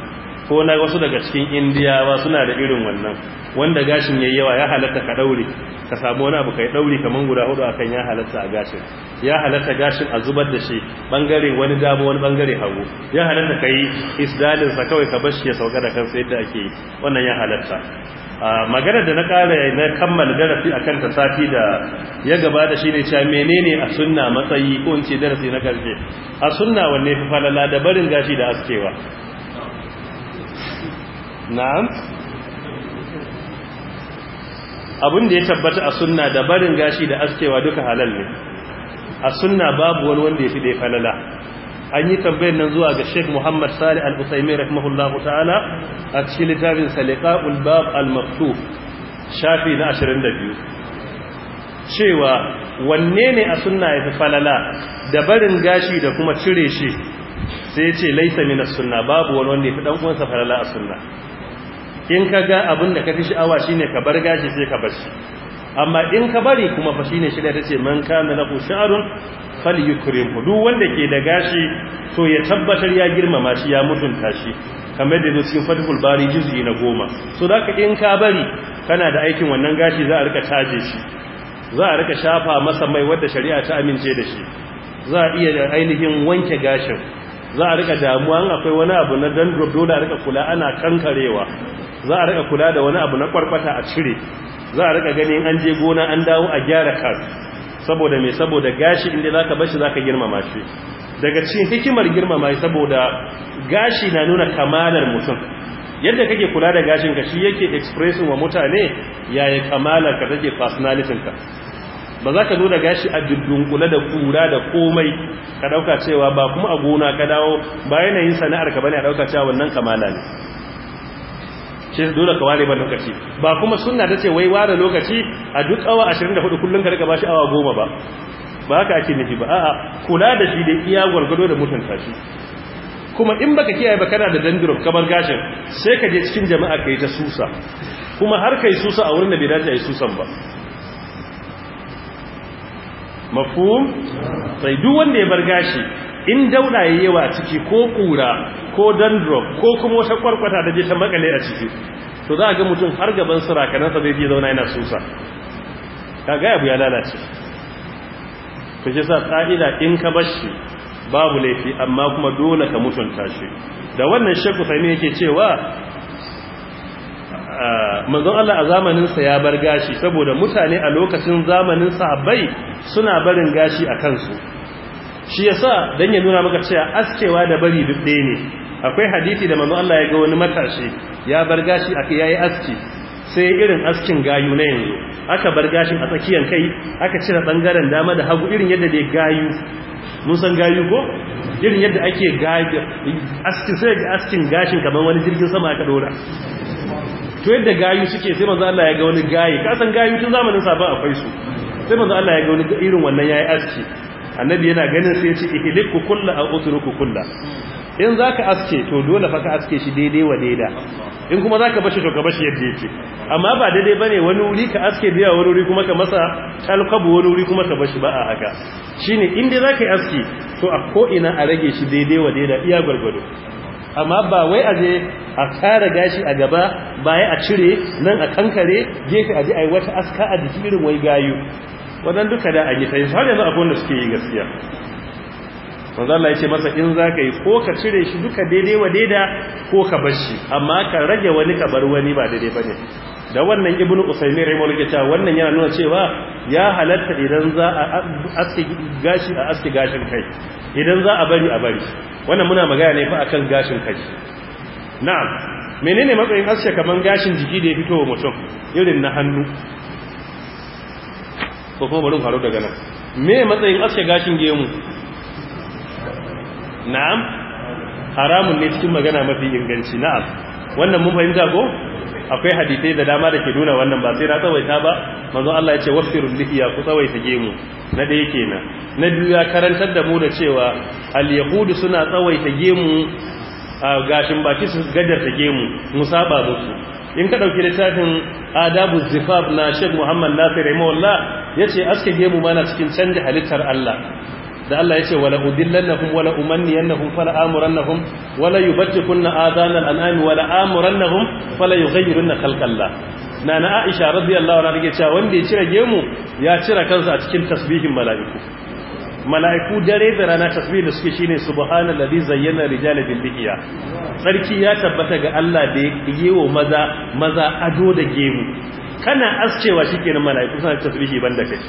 ko na wasu daga cikin indiyawa suna da irin wannan wanda gashin yayi yawa ya halatta ka daure ka samu wani abu kai daure kaman guda hudu akan ya halatta a gashin ya halatta gashin a zubar da shi bangare wani dama wani bangare hagu ya halatta kai isdalin sa kawai ka bashi ya sauka da kansa yadda ake yi wannan ya halatta magana da na kare na kammala darasi akan ta safi da ya gaba gabata shine cewa menene a sunna matsayi ko in ce darasi na karshe a sunna wanne fa falala da barin gashi da askewa na'am abin da ya tabbata a sunna da barin gashi da askewa duka halal ne a sunna babu wani wanda ya fi dai falala an yi tambayar nan zuwa ga Sheikh Muhammad Salih Al-Utsaimi rahimahullahu ta'ala a cikin littafin salika ulbab Al-Maktuf shafi na 22 cewa wanne ne a sunna ya fi falala da barin gashi da kuma cire shi sai ce laisa minas sunna babu wani wanda ya fi dan uwansa falala a sunna in ka ga abin da ka fi sha'awa shine ka bar gashi sai ka bar shi amma in ka bari kuma fa shi ne shirya ta ce man kana lahu fal yukrim duk wanda ke da gashi to ya tabbatar ya girmama shi ya mutunta shi kamar da cikin fathul bari juz'i na goma so da in ka bari kana da aikin wannan gashi za a rika taje shi za a rika shafa masa mai wadda shari'a ta amince da shi za a iya ainihin wanke gashin za a rika damuwa an akwai wani abu na dandrop dole a rika kula ana kankarewa za a rika kula da wani abu na kwarkwata a cire za a rika ganin an je gona an dawo a gyara kas saboda mai saboda gashi inda za ka bashi za ka girmama shi daga cikin hikimar girmama shi saboda gashi na nuna kamalar mutum yadda kake kula da gashinka shi yake expressing wa mutane yaya kamalar ka take personality ka ba za ka nuna gashi a dunkule da kura da komai ka dauka cewa ba kuma a gona ka dawo ba yanayin sana'ar ka bane a dauka cewa wannan kamala ne dole ka ware ba lokaci ba kuma sunna ta ce wai ware lokaci a duk awa 24 kullun ka rika bashi awa goma ba ba haka ake nufi ba a'a kula da shi da iya gwargwado da mutunta shi kuma in baka kiyaye ba kana da dandruff kamar gashin sai ka je cikin jama'a kai ta susa kuma har kai susa a wurin da bai dace ai susan ba mafum sai duk wanda ya bar gashi in dauda yayi yawa ciki ko kura ko dandruff ko kuma wata kwarkwata da je ta makale a ciki to za a ga mutum har gaban sirakanan sa zai je zauna yana susa kaga abu ya lalace to shi sa ka'ida in ka bashi babu laifi amma kuma dole ka mutunta shi da wannan shekku sai yake cewa manzon Allah a zamanin sa ya bar gashi saboda mutane a lokacin zamanin sahabbai suna barin gashi a kansu shi yasa dan ya nuna maka cewa askewa da bari duk ɗaya ne akwai hadisi da manzon Allah ya ga wani matashi ya bar gashi aka yayi aski sai irin askin gayu na yanzu aka bar gashin a tsakiyar kai aka cire bangaren dama da hagu irin yadda dai gayu mun san gayu ko irin yadda ake gayu askin sai ga askin gashin kamar wani jirgin sama aka dora to yadda gayu suke sai manzo Allah ya ga wani gayi ka san gayu tun zamanin sabon akwai su sai manzo Allah ya ga wani irin wannan yayi aski annabi yana ganin sai ya ce ihliku kullu aw utruku kullu in zaka aske to dole fa ka aske shi daidai wa daida in kuma zaka bashi to ka bashi yadda yake amma ba daidai bane wani wuri ka aske biya wani wuri kuma ka masa talqabu wani wuri kuma ka bashi ba a haka shine in dai zaka aske to a ko ina a rage shi daidai wa daida iya gurgudu amma ba wai aje a kara gashi a gaba baya a cire nan a kankare gefe a ji a yi wata aska a jiki irin wai gayu wadanda duka da a yi ta yi har yanzu akwai wanda suke yi gaskiya wanzu Allah ya ce masa in za ka yi ko ka cire shi duka daidai wa daida ko ka bar shi amma ka rage wani ka bar wani ba daidai ba ne da wannan ibn usaimi raimar ta wannan yana nuna cewa ya halatta idan za a aske gashi a aske gashin kai idan za a bari a bari wannan muna magana ne fa akan gashin kai na'am menene matsayin aske kaman gashin jiki da ya fito wa mutum irin na hannu ko kuma bari faru daga nan me matsayin aske gashin gemu na'am haramun ne cikin magana mafi inganci na'am wannan mun fahimta ko akwai hadisai da dama da ke nuna wannan ba sai na tsawaita ba manzo Allah ya ce wasiru lihiya ku tsawaita gemu na ɗaya kenan na biyu ya karantar da mu da cewa al yahudu suna tsawaita gemu gashin baki su gajarta gemu mu saba musu in ka dauki littafin adabu zifaf na Sheikh Muhammad Nasir rahimahullah yace aske gemu ma na cikin canza halittar Allah da Allah yace wala udillannahum wala umanniyannahum fala amurannahum wala yubtikunna adana al'ami wala amurannahum fala yughayyirunna khalqallah nana Aisha radiyallahu anha take cewa wanda ya cire gemu ya cire kansa a cikin tasbihin mala'iku mala'iku dare da rana tasbih da suke shine subhanallazi zayyana rijala bil lihiya sarki ya tabbata ga Allah da yi wa maza maza ado da gemu kana ascewa shikenan mala'iku suna tasbihi banda kai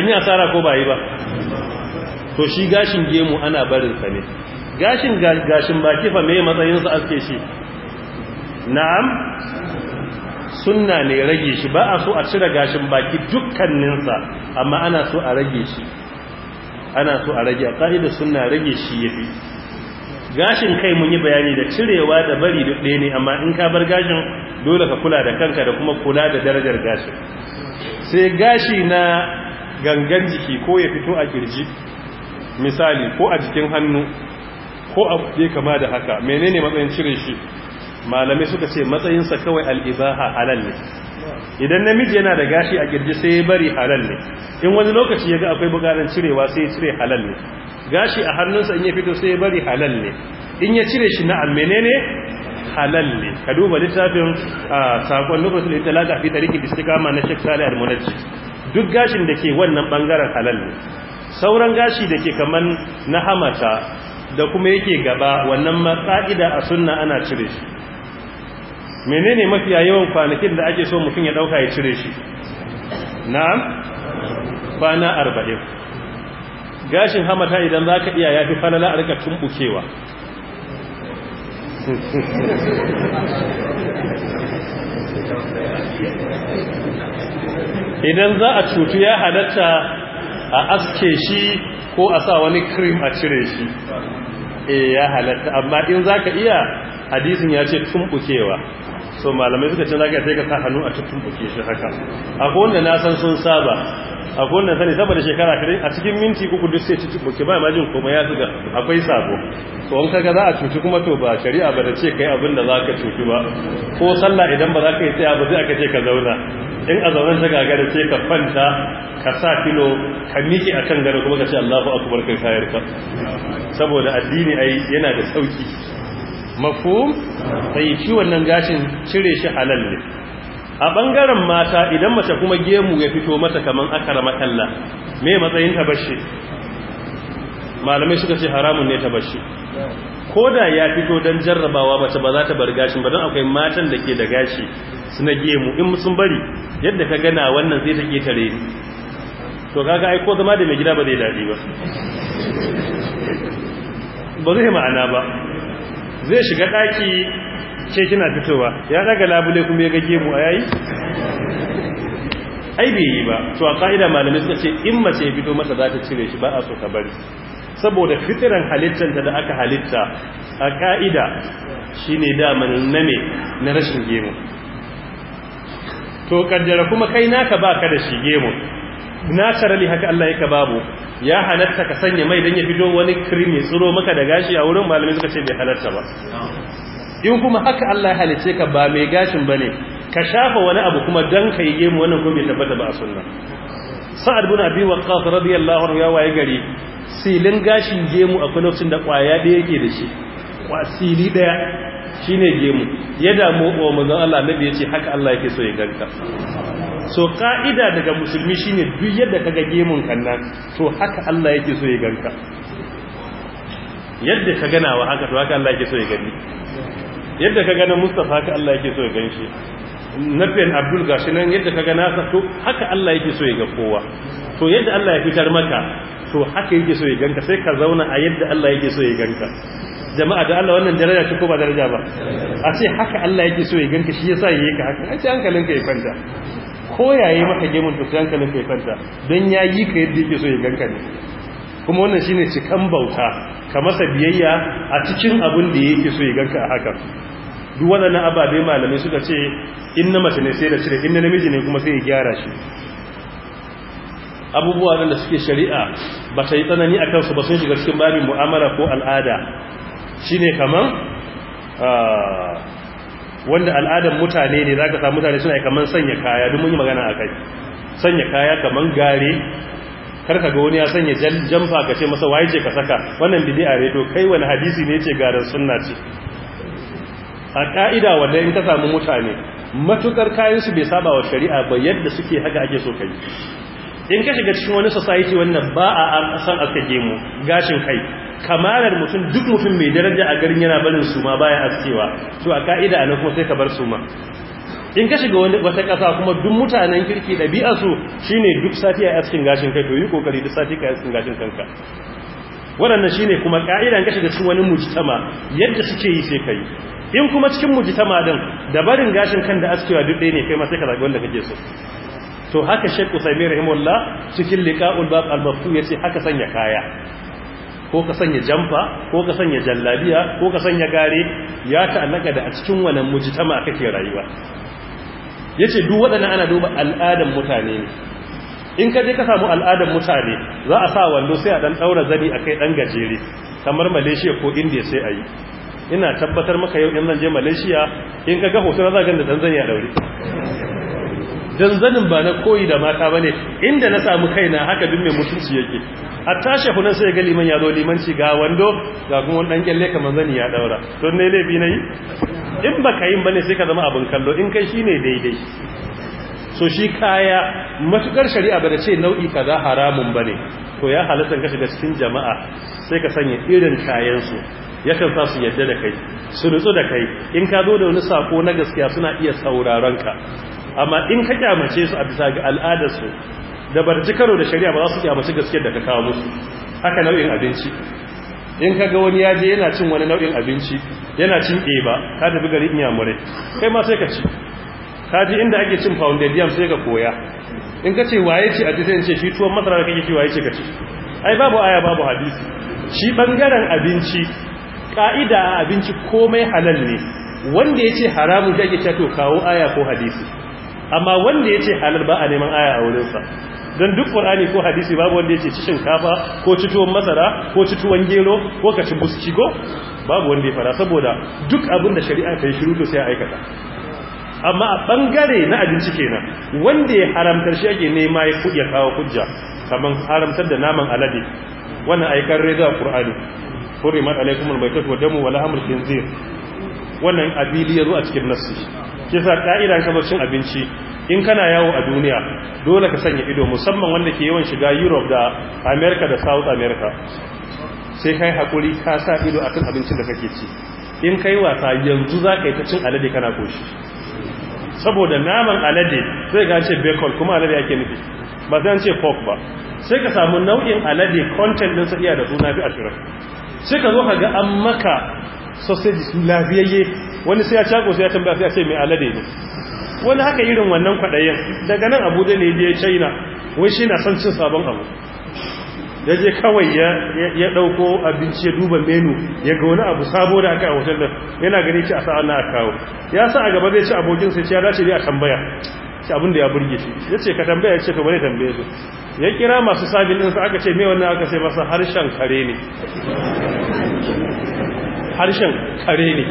an yi asara ko bayi ba to shi gashin gemu ana barin sa ne gashin gashin baki fa me matsayin sa aske shi na'am sunna ne rage shi ba a so a cire gashin baki dukkaninsa amma ana so a rage shi ana so a rage a ƙa'ida sunna rage shi ya gashin kai mun yi bayani da cirewa da bari duk ɗaya ne amma in ka bar gashin dole ka kula da kanka da kuma kula da darajar gashin sai gashi na gangan jiki ko ya fito a kirji misali ko a jikin hannu ko abu kama da haka menene matsayin cire shi malamai suka ce matsayinsa kawai al'ibaha halal ne idan namiji yana da gashi a girji sai ya bari halal ne in wani lokaci ya ga akwai bukatar cirewa sai ya cire halal ne gashi a hannunsa in ya fito sai ya bari halal ne in ya cire shi na menene halal ne ka duba littafin sakon lokacin da talaka fi tarihi na Sheikh Salih duk gashin da ke wannan bangaren halal sauran gashi da ke kamar na hamata da kuma yake gaba wannan matsa'ida ka'ida a sunna ana cire shi menene mafiya yawan kwanakin da ake so mutum ya dauka ya cire shi na'am kwana arba'in gashin hamata idan za ka iya ya fi falala a rika tumbukewa idan za a cutu ya halatta a aske shi ko a sa wani cream a cire shi e ya halatta amma in za ka iya hadisin ya ce tumbukewa so malamai suka ce zaka sai ka sa hannu a cikin buke shi haka akwai wanda na san sun saba akwai wanda sani saboda shekara kare a cikin minti uku duk sai cikin buke ba majin kuma ya zuga akwai sabo to an kaga za a cuci kuma to ba shari'a ba da ce kai abin da zaka cuci ba ko sallah idan ba za ka yi tsaya ba sai aka ce ka zauna in a zauna ta da ce ka fanta ka sa filo ka miƙe a kan kuma ka ce allahu akubar kai sayar ka saboda addini ai yana da sauki mafhum sai shi wannan gashin cire shi halal ne a bangaren mata idan mace kuma gemu ya fito mata kaman akara kalla me matsayin ta bashi malamai suka ce haramun ne ta bashi da ya fito don jarrabawa mace ba za ta bar gashin ba don akwai matan da ke da gashi suna gemu in sun bari yadda ka gana wannan zai ta ketare ni to kaga ai ko zama da mai gida ba zai daɗi ba ba zai ma'ana ba zai shiga daki ce kina fitowa ya daga labule kuma ya ga gemu a ai bai yi ba to a ka'ida malamai suka ce in mace ya fito masa za ta cire shi ba a so ka bari saboda fitiran halittanta da aka halitta a ka'ida shine daman name na rashin gemu to kaddara kuma kai naka baka da shi gemu naturally haka Allah yake babu ya halatta ka sanya mai dan ya fito wani cream ya tsiro maka da gashi a wurin malamai suka ce bai halatta ba in kuma haka Allah ya halice ka ba mai gashin bane ka shafa wani abu kuma dan yi gemu wannan ko bai tabbata ba a sunna sa'ad bin abi waqqas radiyallahu anhu ya waye gari silin gashin gemu a lokacin da kwaya da yake da shi wa sili daya shine gemu ya damu mu manzon Allah nabi yace haka Allah yake so ya ganka so ka'ida daga musulmi shine duk yadda kaga gemun kannan to haka Allah yake so ya ganka yadda ka gana wa haka to haka Allah yake so ya gani yadda ka gana Mustafa haka Allah yake so ya ganshi nafin Abdul gashi nan yadda ka gana sa to haka Allah yake so ya ga kowa to yadda Allah ya fitar maka to haka yake so ya ganka sai ka zauna a yadda Allah yake so ya ganka jama'a da Allah wannan daraja ce ko ba daraja ba a ce haka Allah yake so ya ganka shi yasa yake haka a ce hankalinka ya kwanta Koyaye maka gemun to sai hankalin don ya yi ka yadda yake so ya ganka ne kuma wannan shine cikan bauta ka masa biyayya a cikin abin da yake so ya ganka a haka duk waɗannan ababe malamai suka ce in na mace ne sai da cire in na namiji ne kuma sai ya gyara shi abubuwa da suke shari'a ba ta tsanani a kansu ba sun shiga cikin babin mu'amala ko al'ada shine kaman ah, wanda al'adar mutane ne za ka samu mutane suna kamar sanya kaya duk magana a kai sanya kaya kamar gare karka ga wani ya sanya jamfa ka ce masa waye ka saka wannan bidi a reto kai wani hadisi ne ce garin sunna ce a ka'ida wanda in ka samu mutane matukar kayansu bai saba wa shari'a ba yadda suke haka ake so kai in ka shiga cikin wani society wannan ba a san aske mu gashin kai kamarar mutum duk mutum mai daraja a garin yana barin su ma baya askewa to a ka'ida a nan kuma sai ka bar su ma in ka shiga wani wata ƙasa kuma duk mutanen kirki ɗabi'arsu shine duk safiya a askin gashin kai to yi kokari duk safi ka askin gashin kanka waɗannan shine kuma ka'ida in ka shiga cikin wani mujtama yadda suke yi sai kai in kuma cikin mujtama din da barin gashin kan da askewa duk ɗaya ne kai ma sai ka zaɓi wanda kake so to haka Sheikh Rahim rahimahullah cikin liqa'ul bab al ya ce haka sanya kaya ko ka sanya jamfa ko ka sanya jallabiya ko ka sanya gare ya ta'allaka da a cikin wannan mujtama kake rayuwa yace duk waɗannan ana duba al'adan mutane ne in ka je ka samu al'adan mutane za a sa wando sai a dan daura zani akai ɗan gajere kamar Malaysia ko India sai ayi ina tabbatar maka yau in zan je Malaysia in ka ga hoton za ka ga da Tanzania daure dan zanin ba na koyi da mata bane inda na samu kaina haka duk mai mutunci yake a tashi hunan sai ga liman ya zo limanci ga wando ga kuma wani dan kyalle kamar zani ya daura don ne laifi yi? in baka yin bane sai ka zama abin kallo in kai shine daidai so shi kaya matukar shari'a ba da ce nau'i kaza haramun ba ne. to ya halatta ka shiga cikin jama'a sai ka sanya irin kayansu su yakan sa su yadda da kai su nutsu da kai in ka zo da wani sako na gaskiya suna iya sauraron ka amma in ka kyamace su a bisa ga al'adarsu da barci karo da shari'a ba za su kyamace gaske da ka kawo musu haka nau'in abinci in ka ga wani ya je yana cin wani nau'in abinci yana cin eba ka tafi gari in yamurai kai ma sai ka ci ka ji inda ake cin pounded yam sai ka koya in ka ce waye ce a jisai ce shi tuwon masara da kake ci waye ce ka ci ai babu aya babu hadisi shi bangaren abinci ka'ida a abinci komai halal ne wanda ya ce haramun shi ake cewa to kawo aya ko hadisi amma wanda ya ce halar ba a neman aya a wurinsa don duk ƙorani ko hadisi babu wanda ya ce ci shinkafa ko cituwan masara ko cituwan gero ko ka ci buski ko babu wanda ya fara saboda duk abin da shari'a ta yi shiru to sai a aikata amma a ɓangare na abinci kenan wanda ya haramtar shi ake nema ya kuɗi ya kawo kujja, kamar haramtar da naman alade wannan aikar reza ƙur'ani hurrimat alaikumul maitatu wa damu wala wannan abili a cikin nassi shi sa ka'ida ka zo cin abinci in kana yawo a duniya dole ka sanya ido musamman wanda ke yawan shiga Europe da America da South America sai kai hakuri ka sa ido akan abincin da kake ci in kai wasa yanzu za ka yi ta cin alade kana koshi saboda naman alade zai ga ce bacon kuma alade yake nufi ba zan ce pork ba sai ka samu nau'in alade content din sa iya da suna bi ashirin sai ka zo ka ga an maka sausage lafiyayye wani sai ya cako sai ya tambaya sai a ce mai alade ne wani haka irin wannan kwaɗayen daga nan abuja ne ya china wai shi na son cin sabon abu ya je kawai ya ɗauko abinci ya duba menu ya ga wani abu sabo da aka a hotel yana gani ci a sa'an na kawo ya sa a gaba zai ci abokinsa ya dace ne a tambaya shi abin da ya burge shi ya ce ka tambaya ce to bane tambaye su ya kira masu sabin ɗinsa aka ce mai wannan aka sai masa harshen kare ne harshen kare ne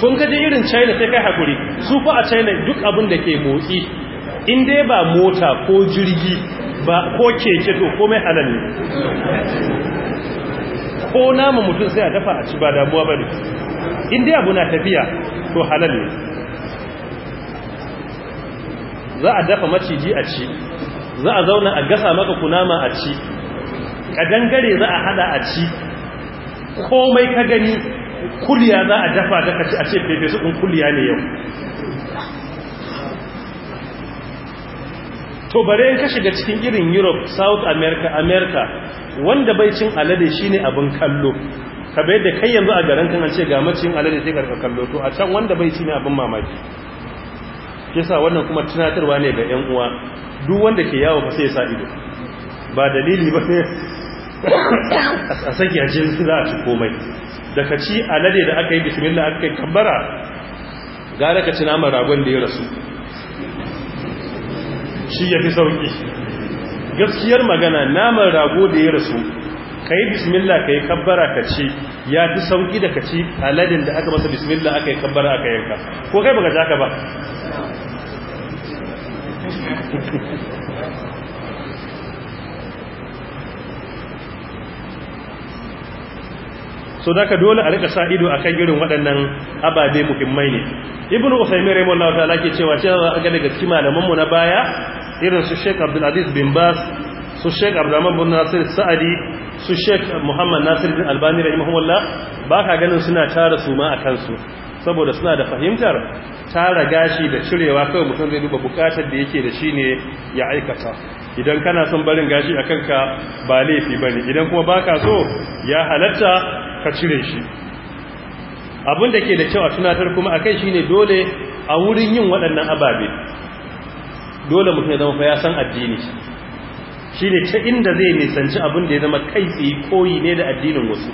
sun kaji irin china sai kai hakuri su fa a china duk abin da ke motsi in dai ba mota ko jirgi ba ko keke to komai halal ne ko nama mutum sai a dafa a ci ba damuwa ba ne in dai abu na tafiya to halal ne za a dafa maciji a ci za a zauna a gasa maka kunama a ci a dangare za a hada a ci komai ka gani kuliya za a dafa ta kaci a ce fefe su ɗin kuliya ne yau to bare in ka shiga cikin irin europe south america america wanda bai cin alade shine abin kallo ka bai da kai yanzu a garin kan ce ga macin alade sai karka kallo to a can wanda bai cin abin mamaki yasa wannan kuma tunatarwa ne ga yan uwa duk wanda ke yawo fa sai ya sa ido ba dalili ba ne a sake a jin za a ci komai da ka ci alade da aka yi bismillah aka yi kambara gara ka ci naman ragon da ya rasu shi ya fi sauƙi gaskiyar magana naman rago da ya rasu ka yi bismillah ka yi kambara ka ci ya fi sauƙi da ka ci nade da aka masa bismillah aka yi kambara aka yanka ko kai baka ka ba so da ka dole a rika sa ido a kan irin waɗannan ababe muhimmai ne ibnu rahimu allah ta'ala ke cewa cewa ga daga cikin malaman mu na baya irin su Sheikh Abdul Aziz bin Bas su Sheikh Abdurrahman bin Nasir Sa'adi su Sheikh Muhammad Nasir bin Albani Allah. ba ka ganin suna tara su ma akan su saboda suna da fahimtar tara gashi da cirewa kawai mutum zai duba bukatar da yake da shi ne ya aikata idan kana son barin gashi a kanka ba laifi ba ne idan kuma baka so ya halatta ka cire shi abin da ke da kyau a tunatar kuma a kai shine dole a wurin yin waɗannan ababe dole mutum ya zama fa ya san addini shi ne ta inda zai nisanci abin da ya zama kai tsaye koyi ne da addinin wasu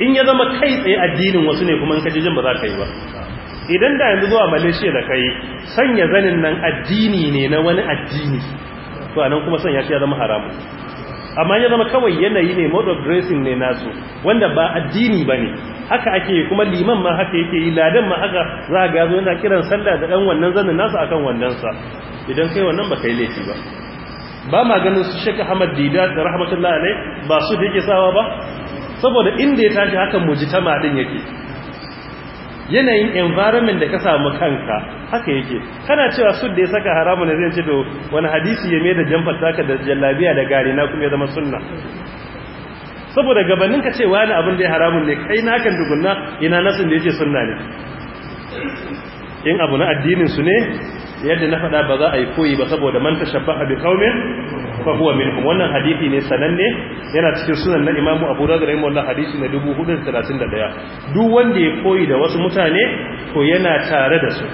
in ya zama kai tsaye addinin wasu ne kuma in ka jijin ba za ka yi ba idan da yanzu zuwa malaysia da kai sanya zanin nan addini ne na wani addini to anan kuma sanya shi ya zama haramun amma ya zama kawai yanayi ne mode of dressing ne nasu wanda ba addini ba ne haka ake kuma liman ma haka yake yi ladan ma haka za a gazo yana kiran sallah da ɗan wannan zanin nasu akan wannan sa idan kai wannan ba kai laifi ba ba ma ganin su Sheikh Ahmad Dida da rahmatullahi ba su da yake sawa ba saboda inda ya tashi hakan mujitama din yake yanayin environment da ka samu kanka haka yake kana cewa su da ya saka haramu ne zai ce to wani hadisi ya mai da jamfar taka da jallabiya da gari na kuma ya zama sunna saboda gabanin ka ce wani abin da ya haramun ne kai na kan dugunna ina nasin da yake sunna ne in abu na addinin su ne yadda na faɗa ba za a yi koyi ba saboda man tashabbaha bi qaumin fa huwa minhum wannan hadisi ne sananne yana cikin sunan na imamu Abu Dawud rahimahullah hadisi na 431 duk wanda ya koyi da wasu mutane to yana tare da su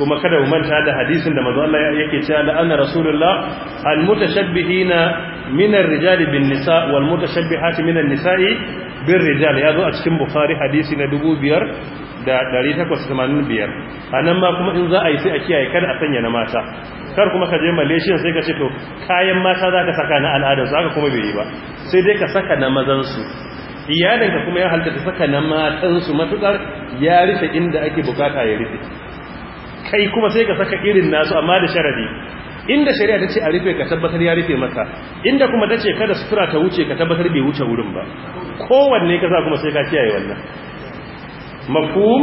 kuma kada mu manta da hadisin da manzo Allah yake cewa la anna rasulullah al mutashabbihina min ar rijali bin nisa wal mutashabbihati min an nisa'i bin rijal yazo a cikin bukhari hadisi na biyar. da 885 a nan ma kuma in za a yi sai a kiyaye kada a sanya na mata kar kuma ka je malaysia sai ka ce to kayan mata za ka saka na al'adar su haka kuma bai yi ba sai dai ka saka na mazansu iyalinka kuma ya halitta saka na matansu matukar ya rufe inda ake bukata ya rufe kai kuma sai ka saka irin nasu amma da sharadi inda shari'a ta ce a rufe ka tabbatar ya rufe maka inda kuma ta ce kada sutura ta wuce ka tabbatar bai wuce wurin ba kowanne ka za kuma sai ka kiyaye wannan mafhum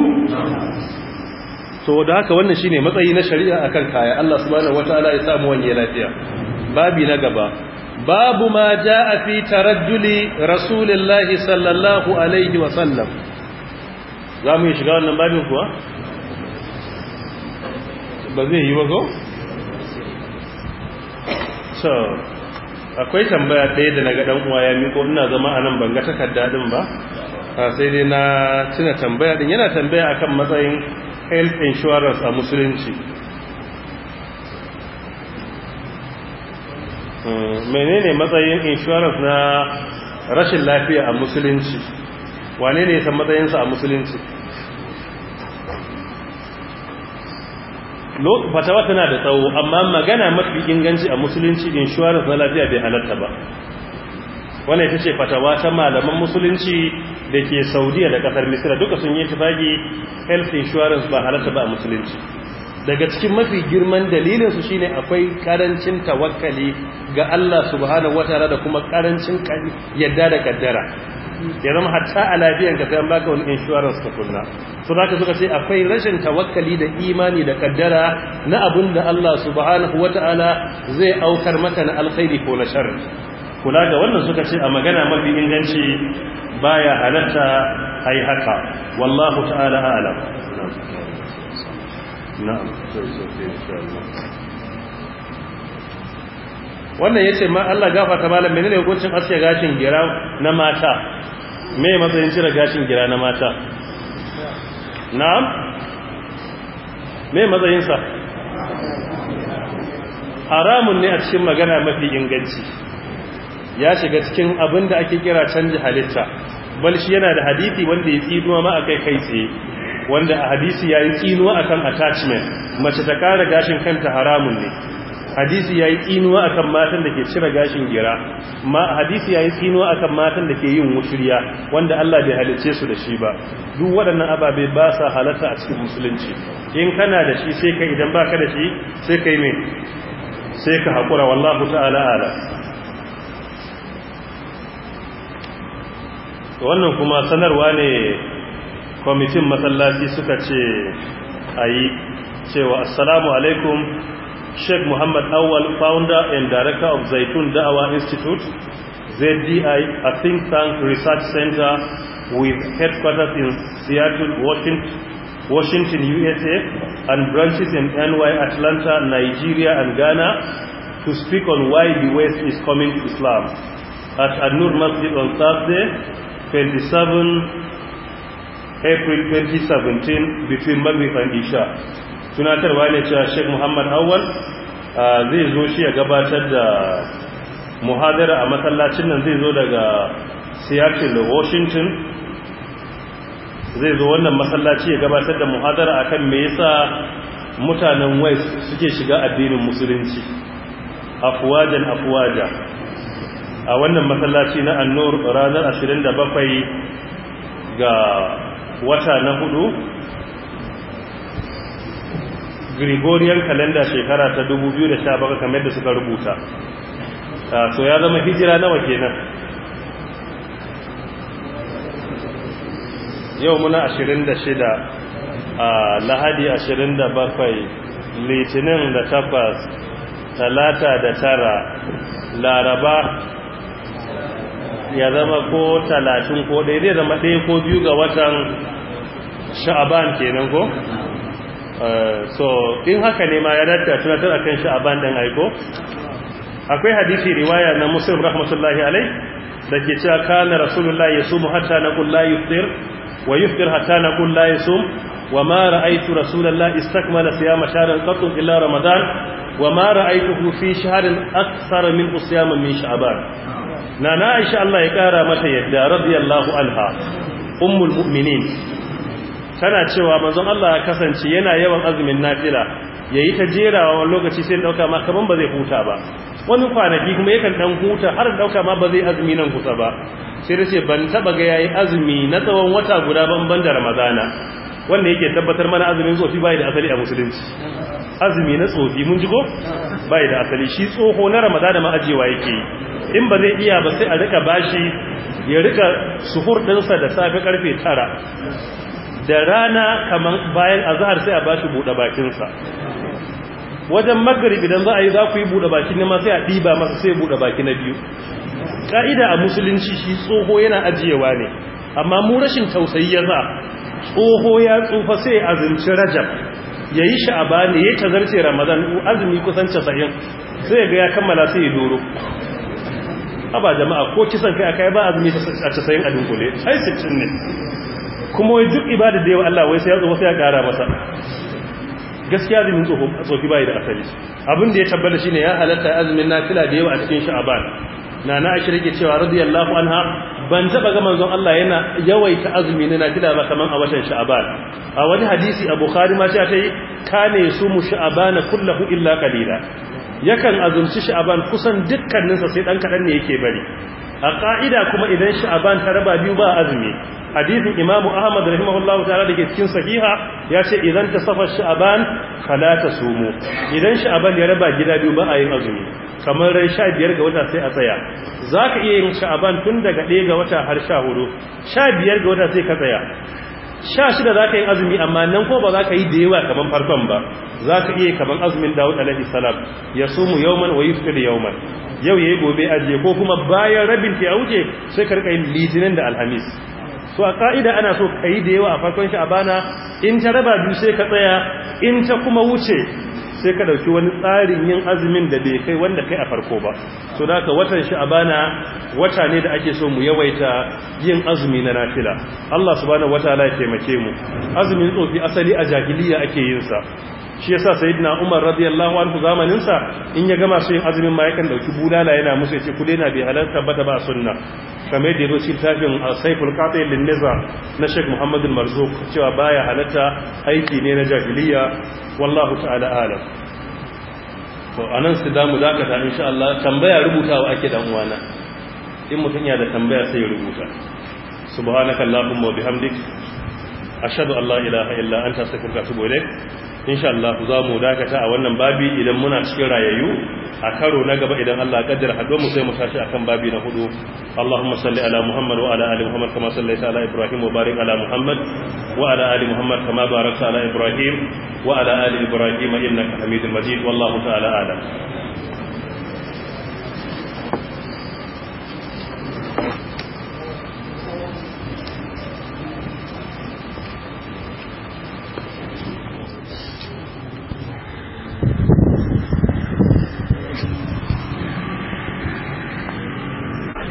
to da haka wannan shine matsayi na shari'a akan kaya Allah subhanahu wataala ya samu wani lafiya babi na gaba babu ma jaa fi taradduli rasulillahi sallallahu alaihi wa sallam Za zamu shiga wannan babin kuwa ba zai yi ba ko so akwai tambaya ɗaya da naga dan uwa ya miko ina zama a nan ban ga takarda din ba sai dai na tuna tambaya din yana tambaya akan matsayin health insurance a musulunci hmm, menene matsayin insurance na rashin lafiya a musulunci wane ne san matsayinsa a musulunci fatawa na da tsawo amma magana mafi inganci a musulunci insurance na lafiya bai halatta ba wannan ita ce fatawa ta malaman musulunci da ke saudiya da kasar misira duka sun yi tufafi health insurance ba halatta ba a musulunci daga cikin mafi girman dalilinsu shine akwai karancin tawakkali ga Allah subhanahu wataala da kuma karancin yadda da kaddara ya zama hatta a lafiyan ka sai an baka wani insurance ka kunna so zaka suka ce akwai rashin tawakkali da imani da kaddara na abin da Allah subhanahu wataala zai aukar maka na alkhairi ko na sharri kula ga wannan suka ce a magana mafi inganci baya halatta ai haka wallahu ta'ala ala na'am sai sai insha Allah wannan yace ma Allah gafarta malam menene hukuncin aske gashin gira na mata me matsayin cire gashin gira na mata na'am me matsayin sa haramun ne a cikin magana mafi inganci ya shiga cikin abin da ake kira canji halitta bal shi yana da hadisi wanda ya tsinuwa ma akai kai tsaye wanda a hadisi ya yi tsinuwa akan attachment mace ta kara gashin kanta haramun ne hadisi ya yi tsinuwa akan matan da ke cire gashin gira ma hadisi ya yi tsinuwa akan matan da ke yin wushirya wanda Allah bai halice su da shi ba duk waɗannan ababe ba sa halatta a cikin musulunci in kana da shi sai ka idan baka da shi sai ka yi mai sai ka haƙura wallahu ta'ala ala to wannan kuma sanarwa ne kwamitin masallaci suka ce a yi cewa assalamu alaikum sheikh muhammad awal founder and director of zaitun da'awa institute zdi a think tank research center with headquarters in seattle washington usa and branches in ny atlanta nigeria and ghana to speak on why the west is coming to islam at anur masjid on thursday 27 april 2017 between maghrib and isha tunatarwa ne cewa sheikh muhammad awal ah, zai zo shi ya gabatar da muhadara a matsalacin nan zai zo daga seattle washington zai zo wannan masallaci ya gabatar da muhadara akan me yasa mutanen west suke shiga addinin musulunci afwajan afwaja a wannan masallaci na annur ranar 27 ga wata na hudu gregorian calendar shekara ta 2017 kamar da suka rubuta so ah, ya zama hijira nawa kenan yau muna 26 a lahadi 27 litinin da takwas talata da tara laraba ya zama ko talatin ko ɗaya zai zama ɗaya ko biyu ga watan sha'aban kenan ko eh, so in haka ne ma ya datta tunatar akan sha'aban ɗin aiko akwai hadisi riwaya na muslim rahmatullahi alai da ke cewa kana rasulullahi yasumu hatta naqul la yuftir wa yuftir hatta naqul la yasum وما رأيت رسول الله استكمل صيام شهر illa ramadan wa ma ra'aitu في شهر أكثر min صيام min sha'aban. Na na aisha Allah ya kara mata yadda radiyallahu anha ummul mu'minin tana cewa manzon Allah ya kasance yana yawan azumin nafila yayi ta jerawa wani lokaci sai dauka ma kaman ba zai huta ba wani kwanaki kuma yakan dan huta har dauka ma ba zai azumi nan kusa ba sai dace ban taba ga yayi azumi na tsawon wata guda ban ban da ramadana wanda yake tabbatar mana azumin tsofi bai da asali a musulunci azumi na tsofi mun ji ko bai da asali shi tsoho na ramadana ma ajewa yake in ba zai iya ba sai a rika bashi ya rika suhur ɗinsa da safe karfe tara da rana kamar bayan azahar sai a bashi buɗe bakinsa wajen magrib idan za a yi za ku yi buɗe baki ne ma sai a ɗiba masa sai buɗe baki na biyu ƙa'ida a musulunci shi tsoho yana ajiyewa ne amma mu rashin tausayi ya za tsoho ya tsufa sai azinci rajab ya yi sha'aba ne ya tazarce ramadan azumi kusan casa'in sai ga ya kammala sai ya doro aba jama'a ko kisan kai akai ba azumi a sayin a kule ai sittin ne kuma wai duk ibada da yawa Allah wai sai ya zo sai ya kara masa gaskiya azumin tsofi bai da asali abin da ya tabbata shine ya halatta azumin nafila da yawa a cikin sha'aban na na ashi rike cewa radiyallahu anha ban taba ga manzon Allah yana yawaita azumi na nafila ba kaman a watan sha'aban a wani hadisi a bukhari ma ta yi kane su mu sha'ban kullahu illa qalila yakan azumci sha'aban kusan dukkaninsa sai ɗan kaɗan ne yake bari a ƙa'ida kuma idan sha'aban ta raba biyu ba a azumi hadithin imamu ahmad rahimahullahu ta'ala ke cikin sahiha ya ce idan ta safa sha'aban fala ta sumu idan sha'aban ya raba gida biyu ba a yin azumi kamar ran biyar ga wata sai a tsaya za ka iya yin sha'aban tun daga ɗaya ga wata har sha hudu sha biyar ga wata sai ka tsaya sha shida za ka yi azumi amma nan ko ba za ka yi da yawa kamar farkon ba za ka iya kamar azumin dawud alaihi salam ya sumu yawman wa yuftir yawman yau ya yi gobe ajiye ko kuma bayan rabin ta wuce sai ka rika yin litinin da alhamis so a ka'ida ana so ka yi da yawa a farkon shi a bana in ta raba biyu sai ka tsaya in ta kuma wuce sai ka dauki wani tsarin yin azumin da bai kai wanda kai a farko ba so da ka watan sha'abana wata ne da ake so mu yawaita yin azumi na nafila Allah subhanahu wataala ya taimake mu azumin tsofi asali a jahiliya ake yin sa shi yasa sayyidina Umar radiyallahu anhu zamanin sa in ya gama su yin azumin ma yakan dauki budala yana musu yace ku daina bi halal tabbata ba sunna kamar da yazo cikin tafin uh, Saiful Qati lin Niza na Sheikh Muhammad al-Marzuq cewa baya halata aiki ne na jahiliya wallahu ta'ala alam to anan su da mu zakata insha Allah tambaya rubutawa ake dan uwana in mutun ya da tambaya sai ya rubuta subhanakallahumma wa bihamdik ashhadu an la ilaha illa anta astaghfiruka wa atubu ilaik insha Allah za mu dakata a wannan babi idan muna cikin rayayyu a karo na gaba idan Allah kaddara hado mu sai mu tashi akan babi na hudu Allahumma salli ala Muhammad wa ala ali Muhammad kama sallaita ala Ibrahim wa barik ala Muhammad wa ala ali Muhammad kama barakta ala Ibrahim wa ala ali Ibrahim innaka Hamidul Majid wallahu ta'ala a'lam